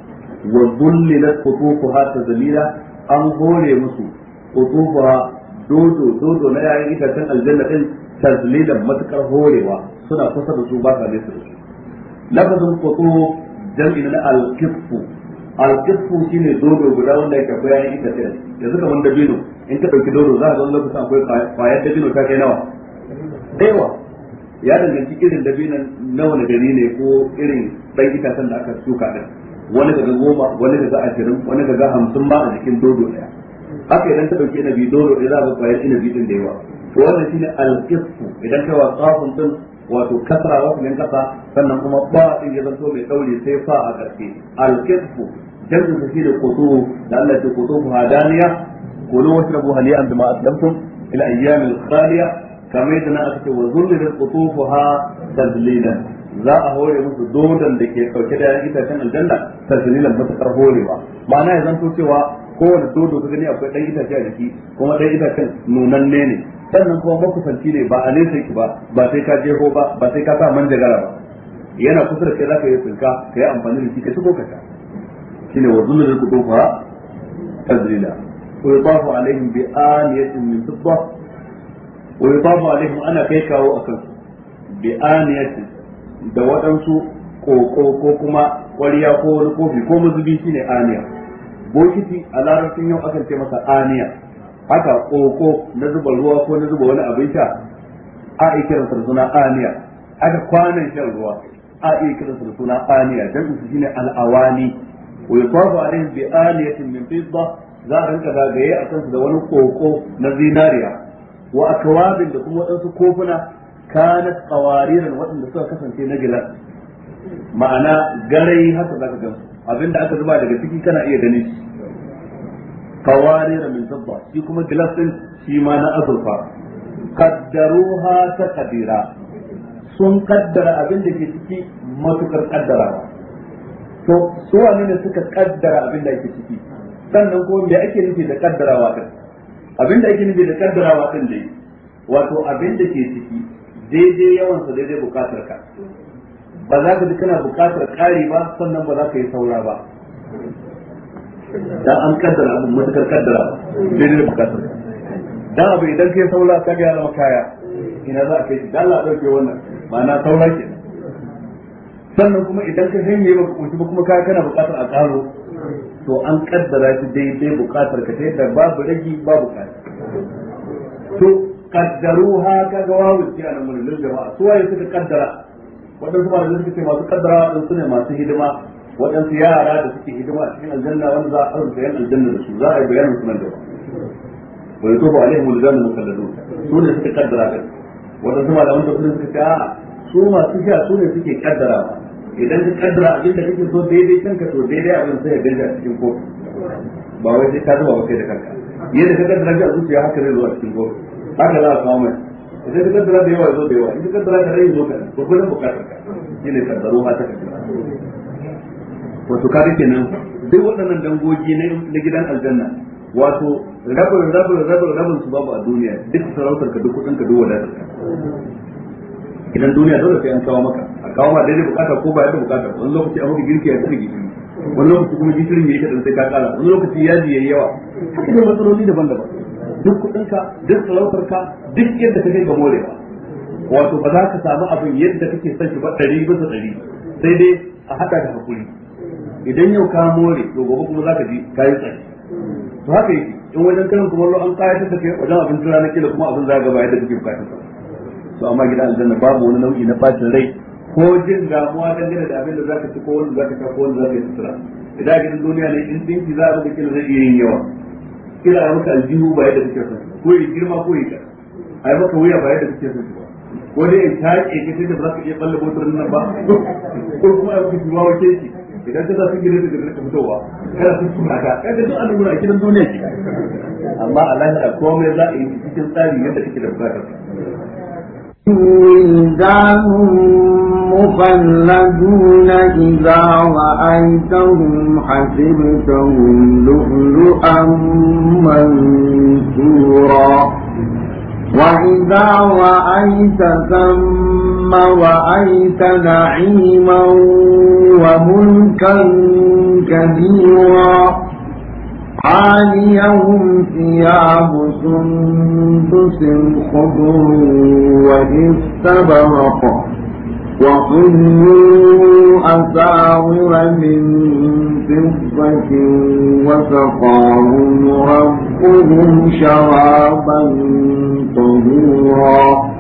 wa dhullilat qutufuha tadlila an hore musu qutufuha dodo dodo na yayin itacen aljanna din tazlilan matukar horewa suna kusa da su ba sa nesa da su lafazin kwato jam'i na alkifu alkifu shine dodo guda wanda ya kafa yayin ita ce yanzu kamar dabino in ka dauki dodo za ka ga lokacin akwai kwayar dabino ta kai nawa daiwa ya danganci irin da nawa na gari ne ko irin dan itacen da aka shuka din wani daga goma wani daga ashirin wani daga hamsin ba a jikin dodo daya haka idan ka dauki inabi dodo ɗaya za a ga kwayar inabi din da yawa to wannan shine alkifu idan kai wa tsafin din wato kasra wafin kasa sannan kuma ba in ya zanto mai daure sai fa a ƙarshe al-kasfu jazu fi da qutub da Allah ya qutub hadaniya kulu washrabu haliyan bima aslamtum ila ayyamil khaliya kamar yadda na aka ce wa zullilat qutufuha tadlila za a hore musu dodan da ke dauke da yan itacen aljanna tadlilan matakar horewa ma'ana ya zanto cewa kowane dodo ka gani akwai dan itace a jiki kuma dan itacen nunanne ne sannan kuma makusanci ne ba a nesa yake ba ba sai ka jeho ba ba sai ka sa manjagara ba yana kusa da kai za ka yi tsinka ka yi amfani da shi ka shigo ka sha ne wa zulul qutufa Wai wa yudafu alaihim bi aniyatin min fidda wa yudafu alaihim ana kai kawo kansu bi aniyatin da waɗansu koko ko kuma ƙwariya ko wani kofi ko mazubi ne aniya bokiti a larabcin yau akan ce masa aniya haka koko na zuba ruwa ko na zuba wani abin sha a iya kiran da suna aniya haka kwanan shan ruwa a iya kiran da suna aniya dan su shine al'awani wa yusafu alaihim bi aniyatin min fidda za a rinka zagaye a kansu da wani koko na zinariya wa akwabin da kuma wadansu kofuna kanat qawariran waɗanda suka kasance na gilas ma'ana garai haka zaka gansu abinda aka zuba daga ciki kana iya ganin shi qawarira min fidda shi kuma glass din shi ma na azurfa qaddaruha taqdira sun kaddara abin da ke ciki matukar kaddarawa to su wane ne suka kaddara abin da ke ciki sannan kuma me ake nufi da kaddarawa din abin da ake nufi da kaddarawa din dai wato abin da ke ciki daidai yawan sa daidai bukatar ka ba za ka ji kana bukatar kari ba sannan ba za ka yi saura ba da an kaddara abin matakar kaddara daidai da bukatar da abu idan kai saura ka ga yana makaya ina za a kai shi dalla dauke wannan ma'ana saura ke sannan kuma idan ka hanye ba kunci ba kuma kaya kana bukatar a karo to an kaddara shi daidai bukatar ka ta yadda babu ragi babu kai to ka ga wawu ce a nan mun jama'a suwaye suka kaddara waɗansu ba da suka ce masu kaddara wadansu ne masu hidima waɗansu yara da suke hidima a cikin aljanna wanda za a arzuta yan aljanna da su za a yi bayanin su nan gaba wa yutubu alaihim wuldan mukalladun su ne suka kaddara kai waɗansu malaman da kuma suka ce a su masu sha su ne suke kaddara idan ka kaddara abin da kake so daidai kanka to daidai abin sai ya daidai a cikin kofi ba wai sai ka zuba ba kai da kanka yadda ka kaddara a zuciya haka zai zo a cikin kofi haka za a samu mai idan ka kaddara da yawa zo da yawa idan ka kaddara ka rai zo ka gurgurin bukatar ka shine kaddaro ha ta kaddara wato kaga kenan duk waɗannan dangogi na gidan aljanna wato rabar rabar rabar rabar su babu a duniya duk sarautar ka duk kudin ka duk wadatar ka idan duniya dole sai an kawo maka a kawo ma daidai bukata ko ba yadda bukata wani lokaci a maka girki ya tsiri gishiri wani lokaci kuma gishirin ya yi kadan sai ka ƙara wani lokaci ya yi yawa haka dai matsaloli daban-daban duk kudin ka duk sarautar ka duk yadda ka kai ga morewa wato ba za ka samu abin yadda kake son shi ba ɗari bisa ɗari sai dai a haɗa da hakuri idan yau ka more to gobe kuma zaka ji yi tsari to haka yake in wajen kuma kumallo an kayatar ta kai wajen abin abincin na kila kuma abin za ga bayar da kake bukatun to amma gidan aljanna babu wani nau'i na bacin rai ko jin damuwa dangane da abin da zaka ci ko wanda zaka ka ko wanda zaka yi sutura idan gidan duniya ne in ki za a rubuta kila zai iya yin yawa kila a maka aljihu ba yadda kake san ko yi girma ko yi ka ai maka wuya ba yadda kake san ko dai in ta ke kace da ba za ka iya balle motar nan ba (laughs) ko kuma a yi maka jiwa wace ki idan ta zafi gidan da gidan ka fitowa kana suna ka duk a gidan duniya ki amma komai za a yi cikin tsari yadda kake da bukatar مخلدون إذا رأيتهم حسبتهم لؤلؤا منثورا وإذا رأيت ثم رأيت نعيما وملكا كبيرا عاليهم ثياب سندس خضر واستبرق وحلوا أساور من فضة وسقاهم ربهم يسقهم شرابا طهورا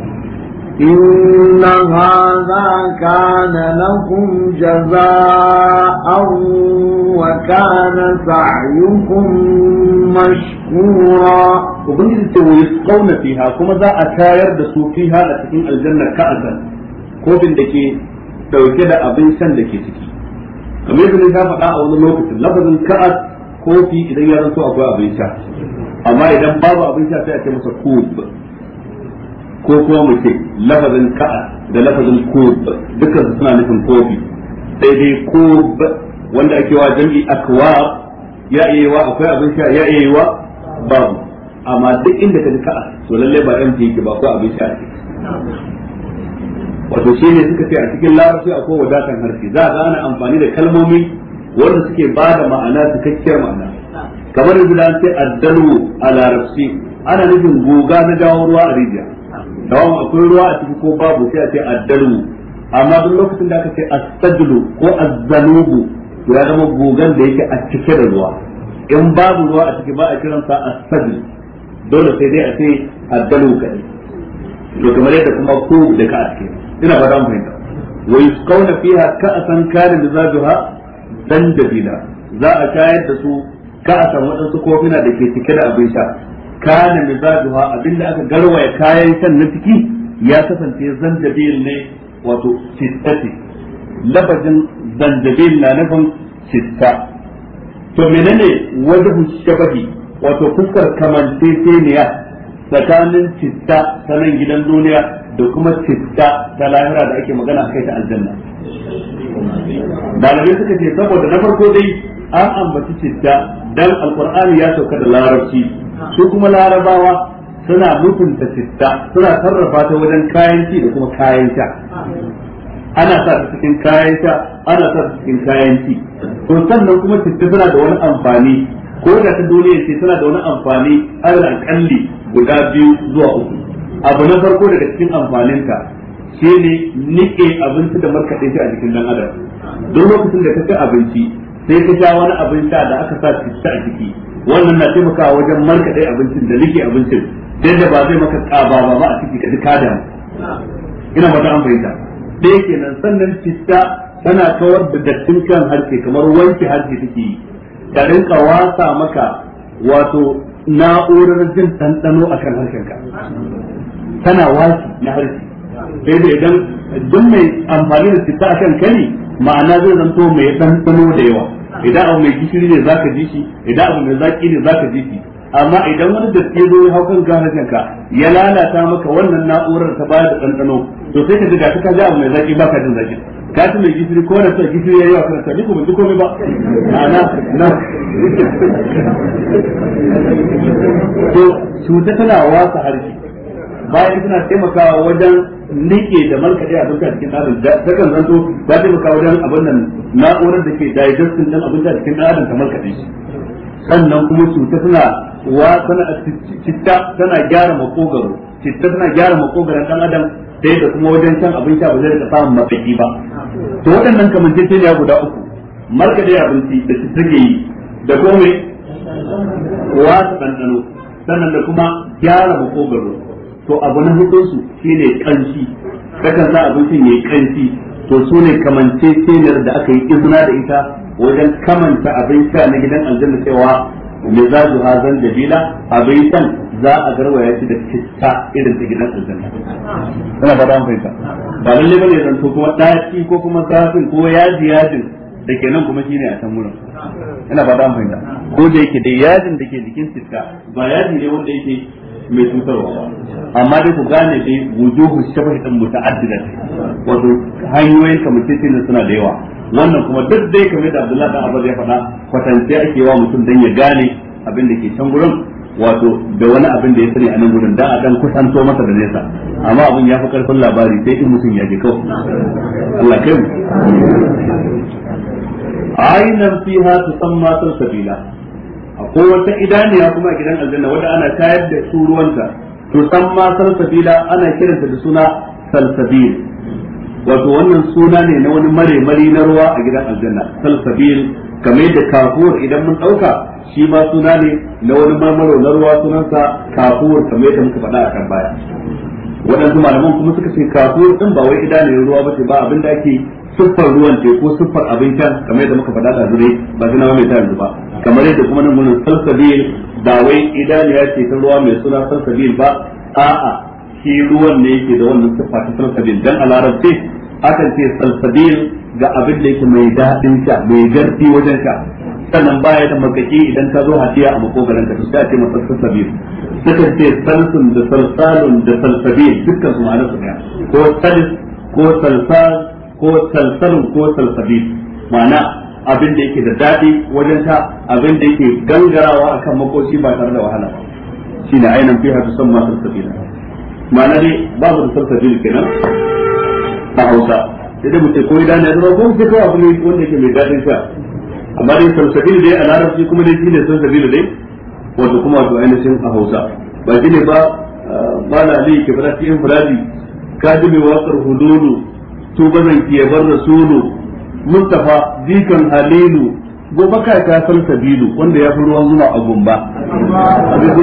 إن هذا كان لكم جزاء وكان سعيكم مشكورا وبنجد يسقون فيها كما ذا أتاير دسو فيها لتكون الجنة كأسا كوبن دكي دوكي دا أبن سن دكي تكي kamar yadda na faɗa a wani lokacin lafazin ka'ad kofi idan ya zanto akwai abin sha amma idan babu abin sha sai a ce masa kub ko kuma mu ce lafazin ka'a da lafazin kub dukkan su suna nufin kofi sai dai kub wanda ake wa jam'i akwa ya iya akwai abin sha ya iya wa babu amma duk inda ka ji ka'a to lalle ba yan yake ba ko abin sha ne wato shi ne suka ce a cikin larabci akwai wadatan harshe za a gane amfani da kalmomi wanda suke ba da ma'ana cikakkiyar ma'ana kamar yanzu da sai addalu a larabci ana nufin goga na jawo ruwa a rijiya dawan akwai ruwa a ciki ko babu sai a ce addalu amma duk lokacin da aka ce astajlu ko azzanubu to ya zama gogan da yake a cike da ruwa in babu ruwa a ciki ba a kiransa astajlu dole sai dai a ce addalu kadai to kamar yadda kuma ko da ka a ina fata mu fahimta wa yusqawna fiha ka'san kana mizajuha zanjabila za a shayar da su ka a samu waɗansu kofina da ke cike da abin sha kana mizajuha abinda aka garwaya kayan shan na ciki ya kasance zanjabil ne wato cittati labajin zanjabil na nufin citta to menene wajen shabahi wato fuskar kamanceceniya tsakanin citta ta nan gidan duniya da kuma sidda ta lahira da ake magana kai ta aljanna dalibai suka ce saboda na farko dai an ambaci citta dan alqur'ani ya sauka da larabci su kuma larabawa suna mutunta citta, suna sarrafa ta wajen kayan ci da kuma kayan sha ana sa ta cikin kayan sha ana sa ta cikin kayan ci to sannan kuma sidda suna da wani amfani ko da ta duniya ce suna da wani amfani alal kalli guda biyu zuwa uku abu na farko daga cikin amfaninta shi ne nike abinci da markaɗe shi a jikin dan adam duk lokacin da ka ci abinci sai ka sha wani abin sha da aka sa shi a ciki wannan na taimakawa wajen markaɗe abincin da nike abincin da ba zai maka tsaba ba a ciki ka ji kada ina ina ta an fahimta dai kenan sannan citta tana kawar da dattin kan harshe kamar wanke harshe take yi ta rinka wasa maka wato na'urar jin ɗanɗano a kan ka. tana wasi na harshe sai da idan duk mai amfani da citta akan kani ma'ana zai zanto mai tsano da yawa idan abu mai gishiri ne zaka ji shi idan abu mai zaki ne zaka ji shi amma idan wani datti zo ya hau kan gahajinka ya lalata maka wannan na'urar ta bayar da ɗanɗano to sai ka ji gashi ka ji abu mai zaki baka jin zaki ka ji mai gishiri ko na sai gishiri yi wa kan ta ko ban ji komai ba ana na to cuta tana wasa harshe bayan suna taimakawa wajen nike da markaɗe abinci a cikin adam ta kan zanto ta taimaka wajen abin nan na'urar da ke digestion din abinci a cikin adam ta markaɗe sannan kuma cuta suna wa tana citta tana gyara makogaro citta tana gyara makogaron dan adam sai da kuma wajen can abinci ba zai rika samun matsaki ba to waɗannan ya guda uku markaɗe abinci da citta ke yi da komai wa ɗanɗano sannan da kuma gyara makogaro to abu na hudun su shine kanshi kakan sa abincin yayi kanshi to su ne kamance kamanceceniyar da aka yi izina da ita wajen kamanta abin sha na gidan aljanna cewa su hazan dabila abin shan za a garwaya shi da citta irin ta gidan aljanna ina ba an fahimta ba lalle bane zan to kuma daci ko kuma zafin ko yaji yajin da ke nan kuma shine a can wurin ina ba an fahimta ko da yake da yajin da ke jikin citta ba yaji ne wanda yake mai cutarwa amma dai ku gane dai wujuhu shabahi din muta'addida wato hanyoyin kamar suna da yawa wannan kuma duk dai kamar da Abdullahi dan Abbas ya faɗa kwatance ake wa mutum dan ya gane abin da ke can gurin wato da wani abin da ya sani a nan gurin da a dan kusanto masa da nesa amma abin ya fi karfin labari sai in mutum ya ji kawai Allah kai mu ainihin fiha tusamma sabila akwai wata idaniya kuma a gidan aljanna wanda ana tayar da su ruwanta to san ma salsabila ana kiranta da suna salsabil wato wannan suna ne na wani mare mari na ruwa a gidan aljanna salsabil kamar yadda kafur idan mun dauka shi ma suna ne na wani marmaro na ruwa sunansa kafur kamar yadda muka faɗa a kan baya waɗansu malaman kuma suka ce kafur din ba wai idaniyar ruwa ba ce ba abin da ake siffar ruwan teku siffar abin can kamar yadda muka faɗa da zure ba sai na mai ta yanzu ba kamar yadda kuma nan munin salsabil ba wai idaniya ce ta ruwa mai suna salsabil ba a'a shi ruwan ne yake da wannan siffa ta salsabil dan a larabci akan ce salsabil ga abin da yake mai daɗin sha mai garfi wajen sha sannan baya da makaki idan ka zo hafiya a makogaran ka sai ce masa salsabil suka ce salsun da salsalun da salsabil dukkan su ma'anar su ko sals ko salsal ko salsalun ko salsabil ma'ana abin da yake da daɗi wajen ta abin da yake gangarawa akan makoci ba tare da wahala Shi ne ainihin fiha tusamma salsabila ma'ana dai babu da salsabila kenan a Hausa sai dai mutum koyi ya zama ko sai kawai abu ne wanda yake mai daɗin sa amma dai sabila dai a larabci kuma dai shine sabila dai wato kuma wato ainihin a Hausa ba shine ba ba eh, na ne ke fara fiye furadi kaji mai waƙar hududu to bazan ke bar rasulu mustafa Dikan halilu gobe ka ta san sabilu wanda ya fi ruwan zuma a gumba daga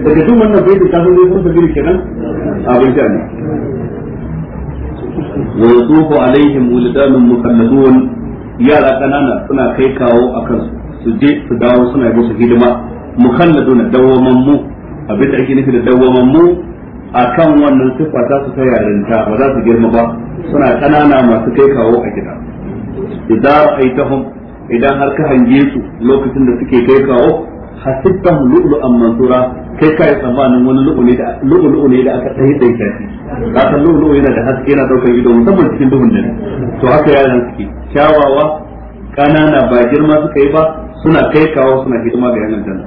duk wannan bai da kasan zai san sabilu kenan abin ta ne wa yusufu alaihim wuldanun mukallafun yara kanana suna kai kawo akan su je su dawo suna yi musu hidima mukalladuna dawwamammu abin da ake nufi da dawwamammu akan wannan siffa ta su ta yarinta ba za su girma ba suna kanana masu kai kawo a gida idan ra'aitahum idan har ka hange su lokacin da suke kai kawo lulu lu'lu'an mansura kai ka yi tsammanin wani lulu ne da aka tsaye da shi kasan lulu yana da haske yana daukar ido musamman cikin duhun dare to haka yaran suke kyawawa kanana ba girma suka yi ba suna kai kawo suna hidima ga yanar janna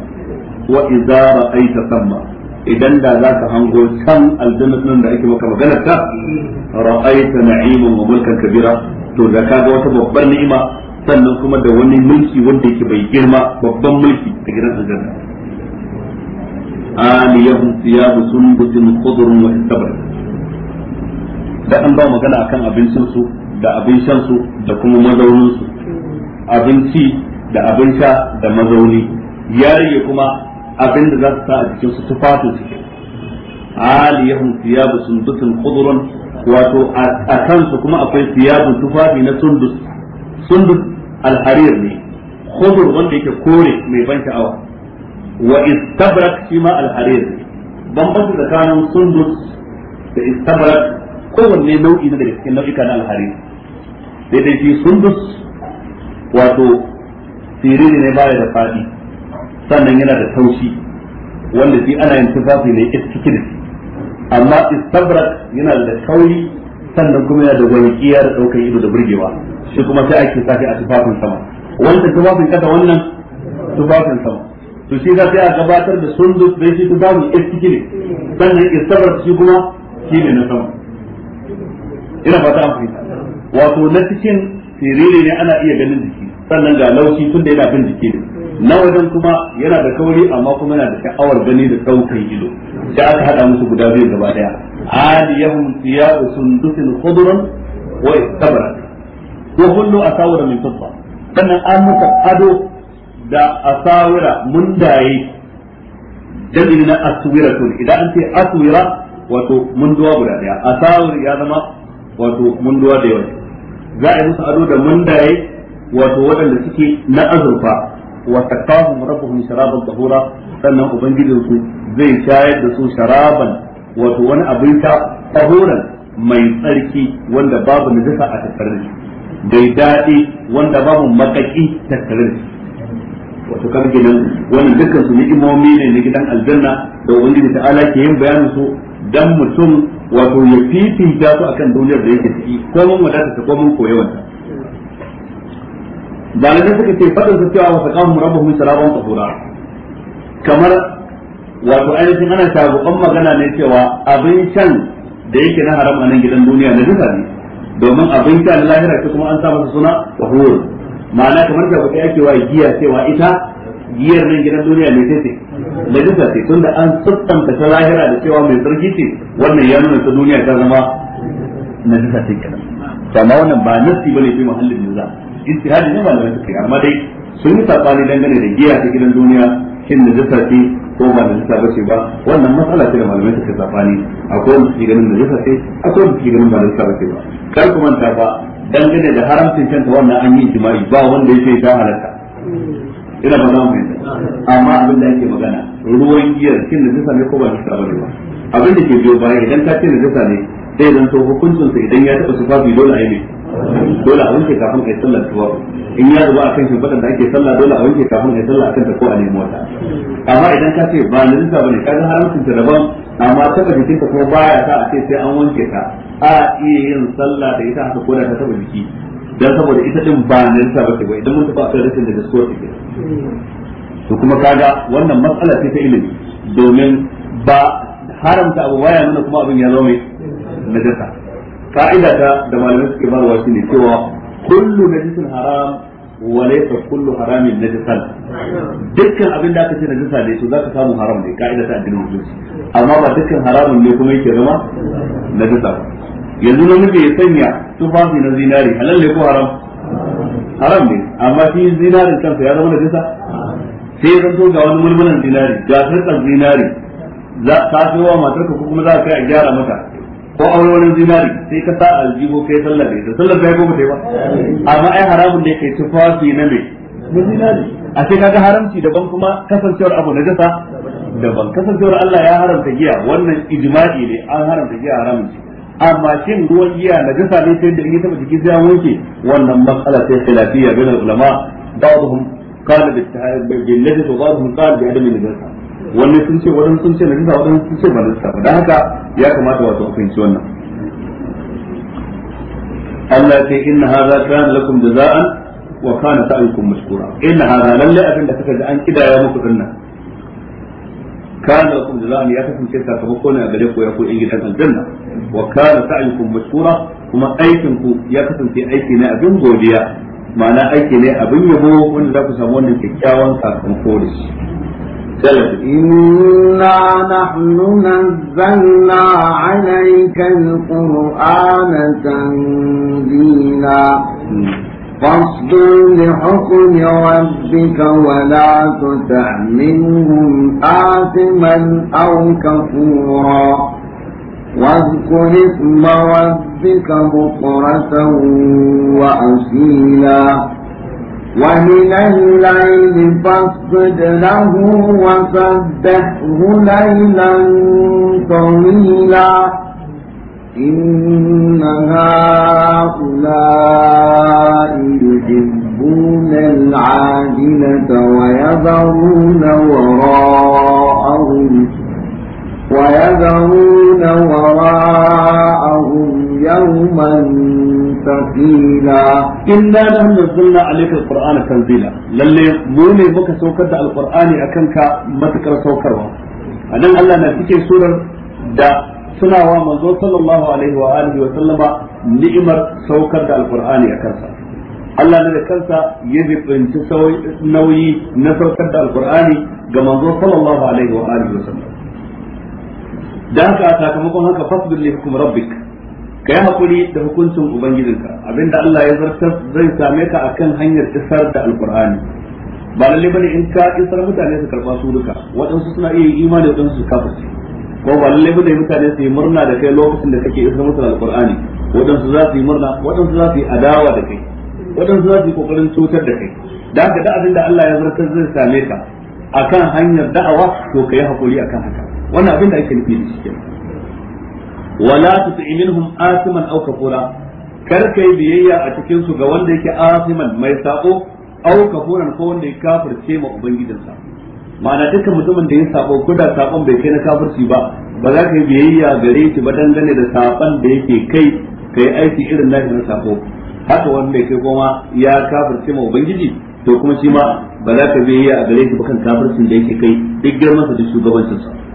wa idza ta thamma idan da za ka hango can sunan da ake maka maganar ta ra'aita na'iman wa mulkan kabira to da ka ga wata babbar ni'ima sannan kuma da wani mulki wanda yake bai girma babban mulki a gidan aljanna aliyahum thiyabu sunbutin khudrun wa istabr da an ba magana akan abincin su da abin shan su da kuma mazaunin su abinci da abin sha da mazauni ya kuma abinda za su sa a jikin su tufafin su aliyahum thiyabu sundusun khudrun wato a kansu kuma akwai thiyabun tufafi na sundus sundus alharir ne khudur wanda yake kore mai ban sha'awa wa istabrak shi ma alharir ne bambanci tsakanin sundus da istabrak kowanne nau'i na daga cikin nau'ika na alharir daidai shi sundus wato siriri ne baya da fadi sannan yana da taushi wanda shi ana yin tufafi ne istikin amma istabrak yana da kauri sannan kuma yana da walƙiya da ɗaukar ido da burgewa shi kuma sai ake sa a tufafin sama wanda tufafin kasa wannan tufafin sama to shi za sai a gabatar da sundus dai shi tufafin istikin sannan istabrak shi kuma shi ne na sama ina fata an fahimta wato na cikin siriri ne ana iya ganin jiki sannan ga laushi tun da yana bin jiki ne na wajen kuma yana da kauri amma kuma yana da sha'awar gani da saukan ido da aka hada musu guda biyu gaba daya aliyahum thiyabu sundusin khudran wa istabra wa kullu asawira min fidda sannan an muka ado da asawira mundaye dalili na to idan an ce aswira wato munduwa guda daya asawir ya zama wato munduwa da yawa za a yi musu ado da mundaye wato waɗanda suke na azurfa wa taqahum rabbuhum sharaban tahura sannan ubangijin su zai shayar da su sharaban wato wani abin ta tahuran mai tsarki wanda babu najasa a tattare da shi dai dadi wanda babu makaki tattare da shi wato kan gidan wannan dukkan su ni'imomi ne na gidan aljanna da ubangiji ta'ala ke yin bayanin su dan mutum wato ya fifita su akan duniyar da yake ciki ko mun wadata ta ko mun koyi wannan malamai suka ce fadar su cewa wa saqahum rabbuhum sharaban tahura kamar wato ainihin ana shaguban magana ne cewa abin shan da yake na haram a nan gidan duniya na jisa ne domin abin shan lahira ta kuma an samu suna tahur ma'ana kamar shagubai ake wa giya cewa ita giyar nan gidan duniya ne sai na jisa ce tunda an sassanta ta lahira da cewa mai sarki ce wannan ya nuna ta duniya ta zama na jisa ce kenan Sama amma wannan ba nasi bane fi muhallin da istihadi ne malamai suka yi amma dai sun yi sabani dangane da giya ta gidan duniya kin da zata ce ko ba da zata ba ce ba wannan matsala ce da malamai suka sabani akwai wanda suke ganin da zata ce akwai wanda suke ganin ba da zata ba ce ba kar ku manta ba dangane da haramcin kanta wannan an yi jima'i ba wanda yake ta halatta ina ba za mu fahimta amma abin da yake magana ruwan giyar kin da zata ne ko ba da zata ba ne ba abin da ke biyo baya idan ka ce da zata ne zai zan to hukuncin sa idan ya taba tufafi dole a yi ne dole a wanke kafin kai sallar tuwa in ya zuba akan shimfiɗan da ake sallah dole a wanke kafin kai sallah akan ta ko a nemi wata amma idan ka ce ba lalita bane ka ga haramcin ta daban amma taba jikinta kuma baya sa a ce sai an wanke ta a iya yin sallah da ita haka ko da ta taba jiki dan saboda ita din ba lalita ce ba idan mun tafi akan rashin da gaskiya take to kuma kaga wannan matsala ce ta ilimi domin ba haramta abu baya nuna kuma abin ya zama mai najasa ka'ida ta da malamai suke shi ne cewa kullu najisin haram wa laysa kullu haramin najisan dukkan abin da aka ce najisa ne to zaka samu haram ne ka'ida ta addinin musulunci amma ba dukkan haramun ne kuma yake zama najisa yanzu na namiji ya sanya tufafi na zinari halal ne ko haram haram ne amma shi zinarin kansa ya zama najisa sai ya zanto ga wani mulmulan zinari gasar sarkar zinari za ta fi wa matarka ko kuma za ka kai a gyara mata ko aure wani zinari sai ka sa aljibo kai sallah da sallar kai ko ba sai ba amma ai haramun ne kai tufafi na me na zinari a sai kaga haramci daban kuma kasancewar abu na jasa daban kasancewar Allah ya haramta giya wannan ijma'i ne an haramta giya haramun ce amma shin ruwan giya na jasa ne sai da in ta jiki sai an wanke wannan matsala sai khilafiyya bain ulama ba'dhum qala bi najasa wa ba'dhum qala bi adam najasa wannan sun ce wadannan sun ce na jisa wadannan sun ce ba na jisa ba don haka ya kamata wato ku fahimci wannan Allah ce in na hadha kana lakum jaza'an wa kana sa'yukum mashkura na hadha lalle abin da kuka ji an kidaya muku nan. kana lakum za'an ya kasance sakamako ne a gare ku ya ku in gidan aljanna wa kana sa'yukum mashkura kuma aikin ku ya kasance aiki ne abin godiya ma'ana aiki ne abin yabo wanda za ku samu wannan kyakkyawan sakamako da shi إنا نحن نزلنا عليك القرآن تنزيلا فاصبر لحكم ربك ولا تطع منهم آثما أو كفورا واذكر اسم ربك بكرة وأصيلا ومن الليل فاصد له وسبحه ليلا طويلا إن هؤلاء يحبون العاجلة ويذرون وراءهم ويذرون وراءهم يوما ثقيلا إنا نحن نزلنا عليك القرآن تنزيلا للي موني بك سوكر القرآن أكنك ما تكر سوكر أنا الله نتيجة سورة دا suna wa manzo sallallahu alaihi wa alihi wa sallama ni'imar saukar da a kansa Allah ne da kansa ya zibinci nauyi na saukar da Alƙur'ani ga manzo sallallahu alaihi wa alihi wa sallam dan haka sakamakon haka fasbir li hukum rabbik ka yi hakuri da hukuncin ubangijinka abinda Allah ya zartar zai same ka akan hanyar isar da alkur'ani ba lalle bane in ka isar mutane su karba su duka waɗansu suna iya yin imani waɗansu su kafirce ko ba lalle bane mutane su yi murna da kai lokacin da kake isar mutane alkur'ani waɗansu za su yi murna waɗansu za su yi adawa da kai waɗansu za su yi kokarin cutar da kai da haka da abinda Allah ya zartar zai same ka akan hanyar da'awa to yi hakuri akan haka wannan abinda ake nufi da shi kenan wala tuti minhum asiman aw kafura kar kai biyayya a cikin su ga wanda yake asiman mai sabo aw kafuran ko wanda ya kafirce ma ubangijinsa ma'ana dukkan mutumin da ya sabo ko da sabon bai kai na kafirci ba ba za ka yi biyayya gare shi ba dangane da saban da yake kai kai aiki irin nashi na sako haka wanda yake kuma ya kafirce ma ubangiji to kuma shi ma ba za ka biyayya a gare shi ba kan kafircin da yake kai duk girman sa da shugabancin sa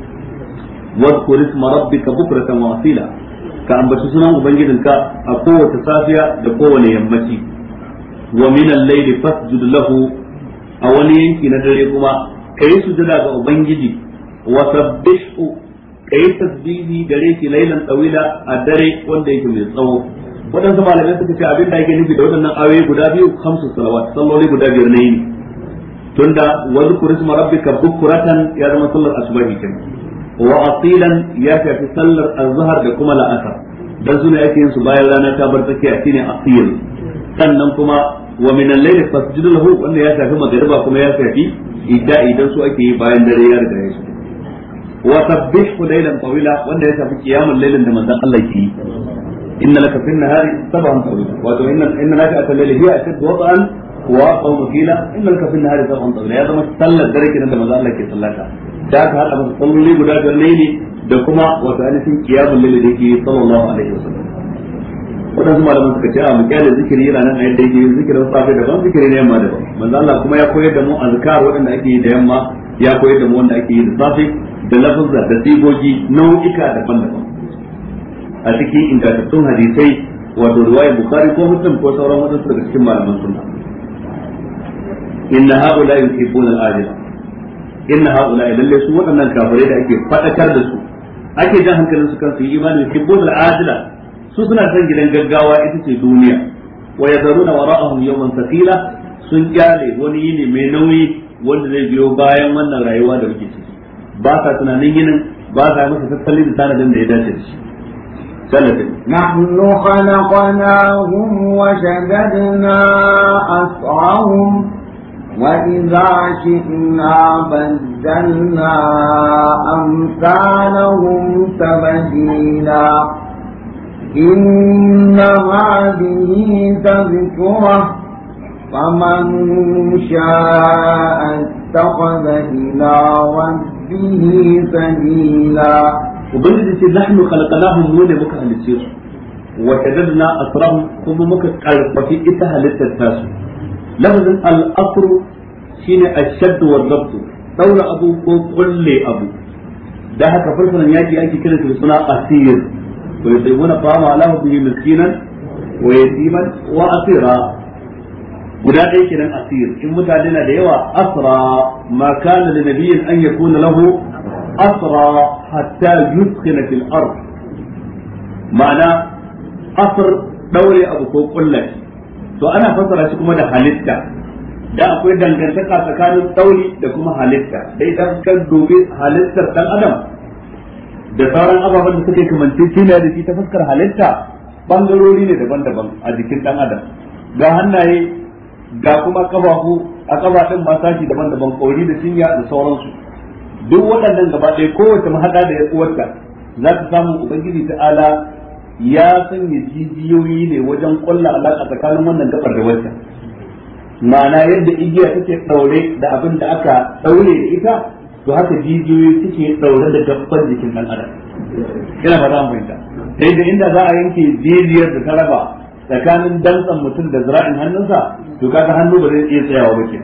rizma isma ka bukura wa asila ka ambaci sunan ubangijinka a kowace safiya da kowane yammaci wa min al-layli fasjud lahu a wani yanki na dare kuma ka kai sujada ga ubangiji wa sabbihu yi tasbihi gare shi lailan tsawila a dare wanda yake mai tsawo waɗansu malamai suka ce abin da ake nufi da waɗannan ayoyi guda biyu hamsin salawat salloli guda biyar na yini tunda wa zikru isma rabbika bukratan ya zama sallar asubahi kenan wa asilan ya shafi sallar azhar da kuma la'asar dan suna yake yin su bayan rana ta bar tsakiya shine asil sannan kuma wa min al-layl fasjudu lahu wanda ya shafi magriba kuma ya shafi idda idan su ake yi bayan dare ya riga ya wa sabbihu laylan tawila wanda ya tafi qiyamul laylin da manzon Allah ke yi inna laka fi an-nahari sab'an tawila wato inna inna laka at-layli hiya ashaddu wata'an wa qawmu qila inna laka fi an-nahari sab'an tawila ya zama sallar dare kenan da manzon Allah ke sallata da aka haɗa masa salloli guda biyar laili da kuma wata ainihin kiyamun lili da yake sallallahu alaihi wasallam wadansu malaman suka ce a mukiyar da zikiri yana nan a yadda yake zikirin safe daban zikiri na yamma daban manzo Allah kuma ya koyar da mu azkar waɗanda ake yi da yamma ya koyar da mu wanda ake yi da safe da lafazza da sigogi nau'ika daban-daban a cikin ingantattun hadisai wato riwayar bukari ko muslim ko sauran wadansu daga cikin malaman sunna inna haula yusifuna al-ajila inna haula lalle su waɗannan kafirai da ake fadakar da su ake jan hankalin su kansu yi imani da kibbul ajila su suna san gidan gaggawa ita ce duniya wa yazaruna wara'ahum yawman thaqila sun kyale wani yini mai nauyi wanda zai biyo bayan wannan rayuwa da muke ciki ba sa tunanin yinin ba sa masa tattalin da tanadin da ya dace da shi نحن خلقناهم وشددنا أسرهم وإذا شئنا بدلنا أمثالهم تبديلا إن هذه تذكرة فمن شاء اتخذ إلى ربه سبيلا وبلد نحن خلقناهم نون بكرة للسير وشددنا أسرهم ثم مكة وفي إتها للتساسل lafazin al shine ash-shadd wa daura abu kulle abu da haka farfaran yaki ake kira da suna asir wa yusibuna fama ala hubbi miskinan wa yatiman wa asira guda ɗaya kenan asir in mutane na da yawa asra ma kana da nabiyyin an yakuna lahu ma'ana daure abu ko kullashi to ana fassara shi kuma da halitta da akwai dangantaka tsakanin tsauri da kuma halitta dai idan kan dobe halittar dan adam da sauran ababen da suke kamance kina da shi ta fuskar halitta bangarori ne daban-daban a jikin dan adam ga hannaye ga kuma kafafu a kafaɗin masu shi daban-daban kori da cinya da sauransu duk waɗannan gaba ɗaya kowace mahaɗa da ya uwarta za ta samu ubangiji ta'ala ya sanya jijiyoyi ne wajen kulla alaƙa tsakanin wannan gabar da wancan ma'ana yadda igiya take daure da abin da aka daure da ita to haka jijiyoyi suke daure da gabar jikin dan adam ina ba za mu fahimta sai da inda za a yanke jijiyar da ta raba tsakanin dantsan mutum da zira'in hannunsa to kaga hannu ba zai iya tsayawa ba ke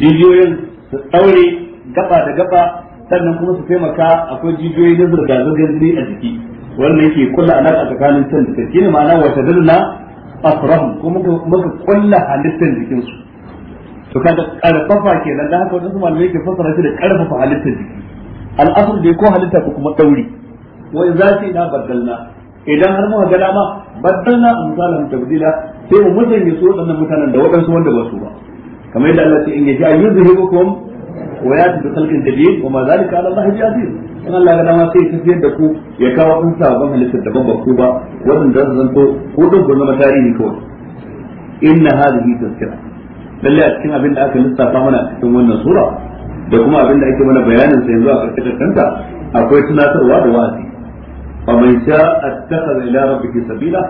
jijiyoyin su daure gaba da gaba sannan kuma su taimaka akwai jijiyoyi na zirga-zirgar jini a jiki wannan yake kulla a tsakanin can da shi ne ma'ana wa tadalla afrahum kuma muka kulla halittar jikin su to kaga karfafa kenan da haka wadansu malamai ke fassara shi da karfafa halittar jiki al'asr dai ko halitta ko kuma dauri wa idza shi'na badalna idan har muka ga dama badalna amsalan tabdila sai mu mutane su wadannan mutanen da wadansu wanda ba su ba kamar yadda Allah ya ce in yaji ayyuzhibukum wa yati bi khalqin jadid wa ma zalika ala Allah ya aziz in Allah ga dama sai ya tafiyar da ku ya kawo kun ban halittar da ba ku ba wannan da zan to ko don ku zama tarihi kawai inna hadhihi tazkira lalle a cikin abin da aka lissafa mana a cikin wannan sura da kuma abin da ake mana bayanin sa yanzu a karkashin kanta akwai tunatarwa da wasi fa man sha'a attakhadha ila rabbih sabila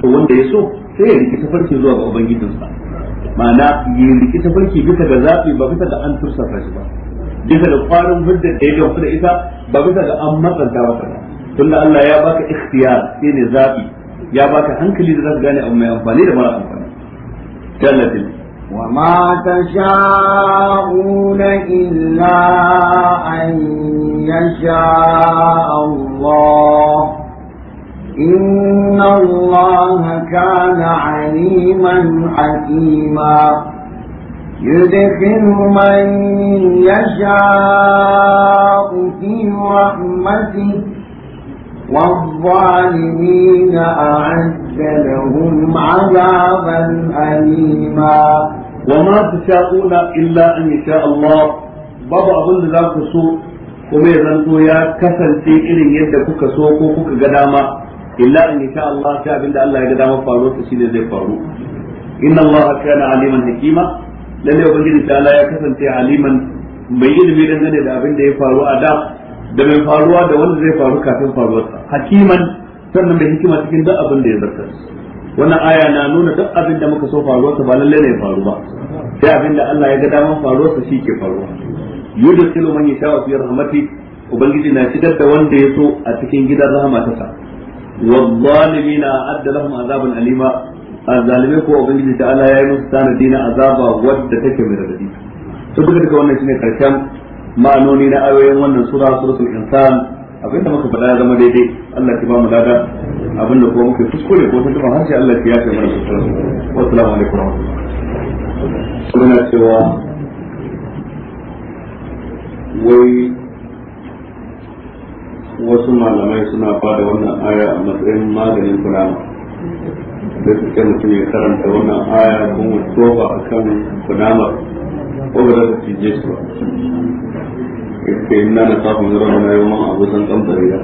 to wanda yaso sai ya riki tafarki zuwa ga ubangijinsa ma'ana ya rikita barki bisa ga zaɓi ba bisa ga an tursasa shi ba bisa ga ƙwarin hujjar da ya gamsu da ita ba bisa ga an matsanta masa ba da Allah ya baka ikhtiyar sai ne zaɓi ya baka hankali da za zaka gane abu mai amfani da mara amfani tallafi وما تشاءون إلا أن يشاء الله إن الله كان عليما حكيما يدخل من يشاء في رحمته والظالمين أعد لهم عذابا أليما وما تشاءون إلا أن يشاء الله بابا أظن ذاك سوء kuma ya zanto ya kasance irin yadda kuka so ko kuka ga dama illa in sha Allah ta abinda Allah ya ga damar faruwa shi ne zai faru inna Allah kana aliman hakima lalle ubangiji ta Allah ya kasance aliman mai ilimi dangane da abin da ya faru a da da mai faruwa da wanda zai faru kafin faruwarsa hakiman sannan mai hikima cikin duk abin da ya zarta wannan aya na nuna duk abin da muka so faruwarsa ba lalle ne ya faru ba sai abin da Allah ya ga damar faruwarsa shi ke faruwa yudkhilu man yasha'u fi rahmati ubangiji na shigar da wanda ya so a cikin gidan rahama ta sa والظالمين أعد لهم عذابا أليما الظالمين كو أبنجي تعالى يا مستان دين عذابا ود تكم من الرديد تبقى تكون نسمي قرشان ما نوني نأوي وانا سورة سورة الإنسان abinda muka faɗa ya zama daidai Allah ki ba mu lada abinda kuma muka kuskure ko tuntuɓa harshe Allah ki yafe mana kuskure wa salamu alaikum wasu malamai suna ba da wannan aya a matsayin maganin kunama da ke mutum ya karanta wannan aya kun wato ba a kan kunama ko ba za su cije su ba yake ina na tafi zura mana yau ma abu san kan tsariya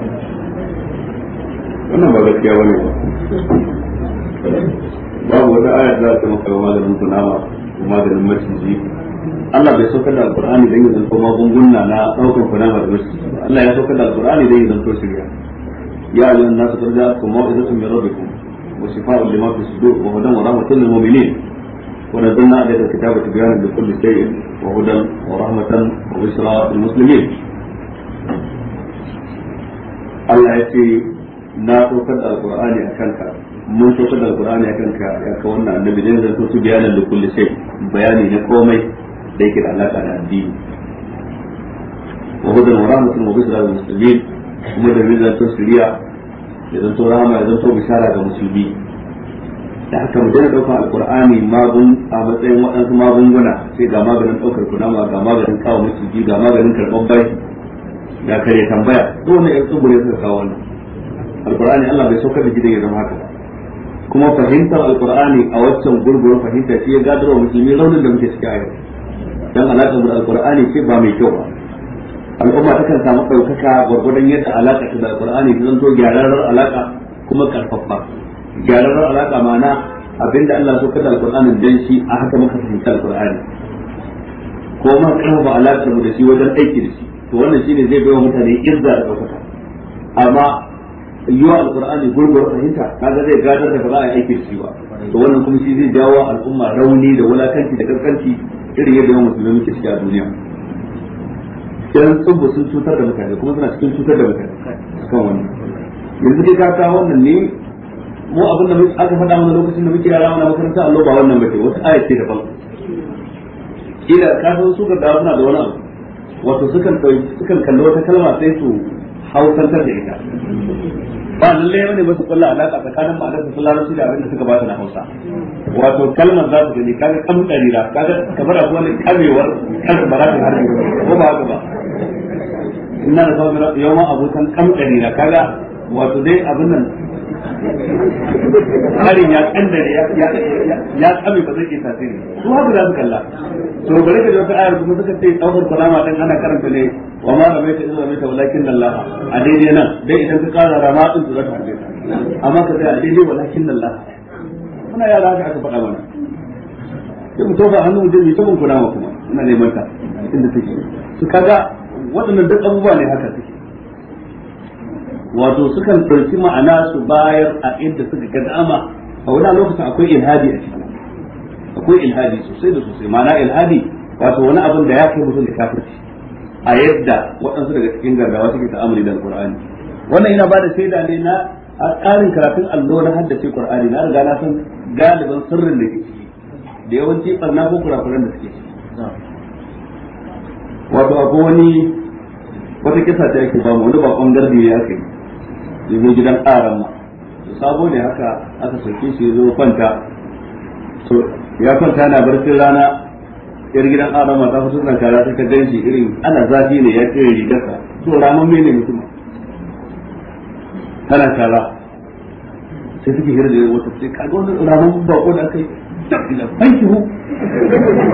wannan ba gaskiya bane ba babu wata aya za ta maka maganin kunama maganin maciji Allah bai saukar da alkur'ani dan yin zanto magunguna na daukan kunama da maciji Allah ya saukar da alkur'ani dan yin zanto shirya ya ayyuhan nasu qad ku maw'izatun min rabbikum wa shifaa'un lima fi sudur wa hudan wa rahmatan lil mu'minin wa nazzalna 'alayka al-kitaba tibyanan li kulli shay'in wa hudan wa rahmatan wa bushra lil muslimin Allah ya ce na saukar da alkur'ani akan ka mun da alkur'ani akan ka ya ka wannan annabi zai zanto su bayanan da kulli sai bayani na komai da yake da alaka da addini wa hudan wa rahmatun wa bisra lil muslimin kuma da zai zanto shari'a ya zanto rahama ya zanto bishara ga musulmi da haka mu daina ɗaukar alkur'ani magun a matsayin waɗansu magunguna sai ga maganin ɗaukar kunama ga maganin kawo musulmi ga maganin karɓar bai da kare tambaya dole ne ƴan tsubure suka kawo wannan alkur'ani Allah bai saukar da gidan ya zama haka kuma fahimtar alkurani a waccan gurgurun fahimta shi ya gadarwa musulmi raunin da muke ciki a yau dan alaƙar da alkur'ani ce ba mai kyau ba al'umma takan samu ɗaukaka gwargwadon yadda alaƙa ta da alkur'ani ta zanto gyararrar alaƙa kuma karfafa gyararrar alaƙa ma'ana abinda Allah so kada alqur'anin dan shi a haka muka fahimta alkur'ani ko ma karfafa alaƙar mu da shi wajen aiki da shi to wannan shine zai bai wa mutane izza da ɗaukaka amma yiwa alkur'ani gurgur fahimta kaga zai gadar da ba za a yi aiki da shi ba to wannan kuma shi zai jawo al'umma rauni da wulakanci da karkanci irin yadda yawan musulmi muke ciki a duniya yan tsubbu sun cutar da mutane kuma suna cikin cutar da mutane kan wannan yanzu dai ka kawo wannan ne mu abin da aka faɗa mana lokacin da muke yara mana makaranta Allah ba wannan bace wata ayat ce daban kila ka san su ga da suna da wani abu wato sukan sukan kalli wata kalma sai su hausantar da ita ba lallai wani masu kulla alaƙa tsakanin ma'anar su larabci da abin da suka ba su na hausa wato kalmar za su gani kaga dari da kaga kamar a wani kamewar kalmar ba za ta harbi ko ba haka ba ina da sauran yau ma abokan dari da kaga wato dai abin nan harin ya kandare ya tsame ba zai ke tasiri su haka za su kalla to bare ka ji wata ayar kuma suka ce tsawon kulama dan ana karanta ne wa ma ramaita illa ramaita walakin laha. a daidai nan dai idan ka kara rama din su za ta harbe amma ka sai a daidai walakin laha. muna yara haka aka faɗa mana sai mu tofa hannun mutum ne ta mun kulama kuma ina neman ta inda take su kaga waɗannan duk abubuwa ne haka suke wato sukan ɗauki ma'ana su bayar a inda suka ga a wani lokacin akwai ilhadi a ciki akwai ilhadi sosai da sosai ma'ana ilhadi wato wani abin da ya kai mutum da kafirci a yadda waɗansu daga cikin gargawa suke ta'amuli da alƙur'ani wannan yana bada shaida ne na a tsarin karatun allo na haddace ƙur'ani, na riga na san galiban sirrin da ke ciki da yawanci barna ko kurakuran da suke ciki wato akwai wani wata kisa ta yake ba mu wani bakon gardi ne aka yi ya zo gidan aran to sabo ne haka aka sauke shi ya zo kwanta to ya kwanta na barcin rana yar gidan arama ta fi na kara ta gan shi irin ana zafi ne ya kire rigarsa to ramin mai ne mutum tana kara sai suke hira da wata sai kaga wannan ramin bako da kai ila fankihu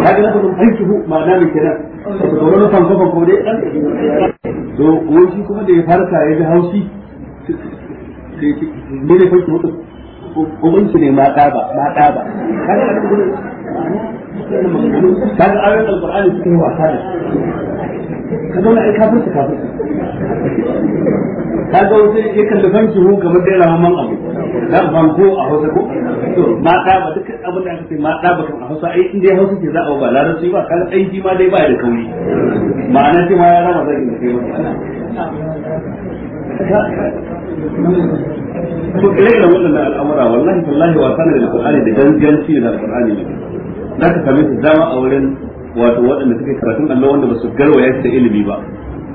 kaga na kuma fankihu ma'ana mai kenan to wani fanko fanko dai dan to wani kuma da ya farka ya ji haushi sai ki ne ne farki mutu uban ne ma ba ma kaga ayoyin alqur'ani yi wasa da ka zauna ai ka ga ya kalli fanki hu kamar da yana mamman abu da a hausa ko to duk abin da aka ce kan a hausa ai hausa za a ba larabci ba aiki ma dai ba da kauri ma'ana ce ma ya rama ne kai masa to kai da wannan da al'amura wallahi wallahi wa sanar da Qur'ani da ganganci da Qur'ani ne da ka same su dama a wurin wato waɗanda suke karatun Allah wanda ba su garwaya da ilimi ba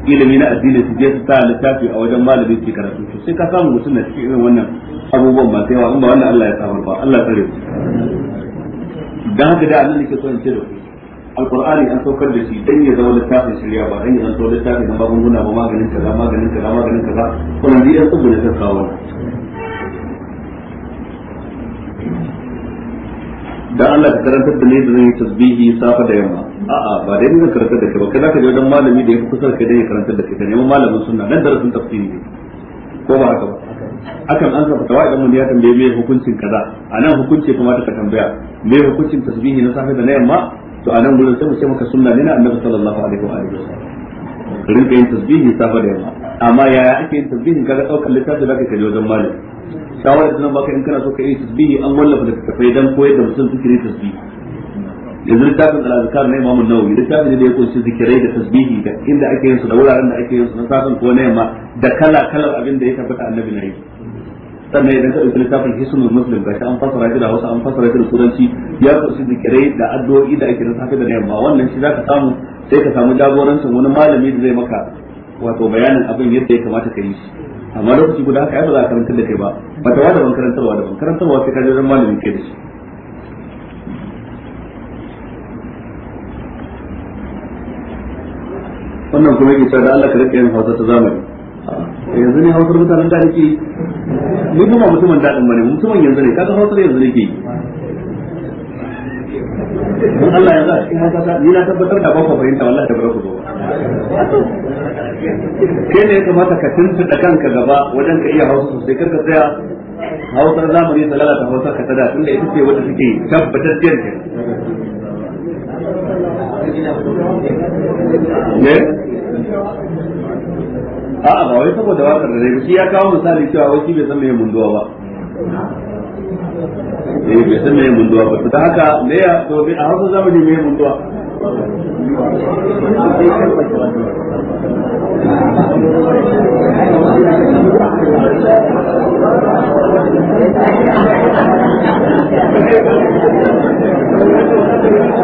ilimi na addini su je su sa littafi a wajen malami ke karatu to sai ka samu mutum da cikin irin wannan abubuwan ba sai wa in ba wannan Allah ya samar ba Allah ya tsare dan haka da Allah ne ke so in ce da ku alkur'ani an saukar da shi dan ya zama littafin shirya ba dan ya zama littafin na magunguna ba maganin kaza maganin kaza maganin kaza kuma ni an tsubu da ta kawo da Allah ka karanta da ne da zan yi tasbihi safa da yamma a'a ba dai ne karanta da kai ba kana ka je dan malami da ya kusa ka dai karanta da kai ka neman malamin sunna nan darasin tafsiri ko ba haka ba akan an saba tawai idan mun ya tambaye me hukuncin kaza anan hukunci kuma ta tambaya me hukuncin tasbihi na safe da na yamma to a nan gudun sai mu ce maka sunna ne na annabi sallallahu alaihi wa alihi wasallam rinka yin tasbihi safa da yamma amma yaya ake yin tasbihin kaga daukar da zaka kaje wajen malam shawara da baka in kana so ka yi tasbihi an wallafa da tafai dan koyar da mutum zikiri tasbihi yanzu littafin al-azkar na Imam Nawawi littafin da ya kunshi zikirai da tasbihi da inda ake yin su da wuraren da ake yin su na safin ko na yamma da kala kalar abin da ya tabbata annabi na yi sannan idan ka ɗauki littafin hisnul muslim ga an fasara shi da wasu an fasara shi da turanci ya kusa zikirai da addu'o'i da ake safe da yamma wannan shi zaka samu sai ka samu jagorancin wani malami da zai maka wato bayanin abin yadda ya kamata ka yi shi amma lokaci guda haka ya ba za a karantar da kai ba ba ta wada ban karantarwa da ban karantarwa sai ka je wajen malamin kai da shi wannan kuma yake cewa da Allah ka rike yin hausa ta zamani yanzu ne hausar mutanen da ake ni kuma mutumin daɗin bane mutumin yanzu ne kaga hausar yanzu ne ke don Allah ya za a cikin hausa ni na tabbatar da ba ku fahimta wallahi da ba ku zo kai ne ya kamata ka tuntuɗa kanka gaba wajen ka iya hausa sosai karka tsaya hausar zamani ta lalata hausar ka tada tunda ita ce wadda suke tabbatar jiyar ke ne eh? a'a ba wai saboda wakar da dai shi ya kawo misali cewa wai shi bai san meye munduwa ba eh bai san meye munduwa ba to haka me ya to a hausa zamani meye munduwa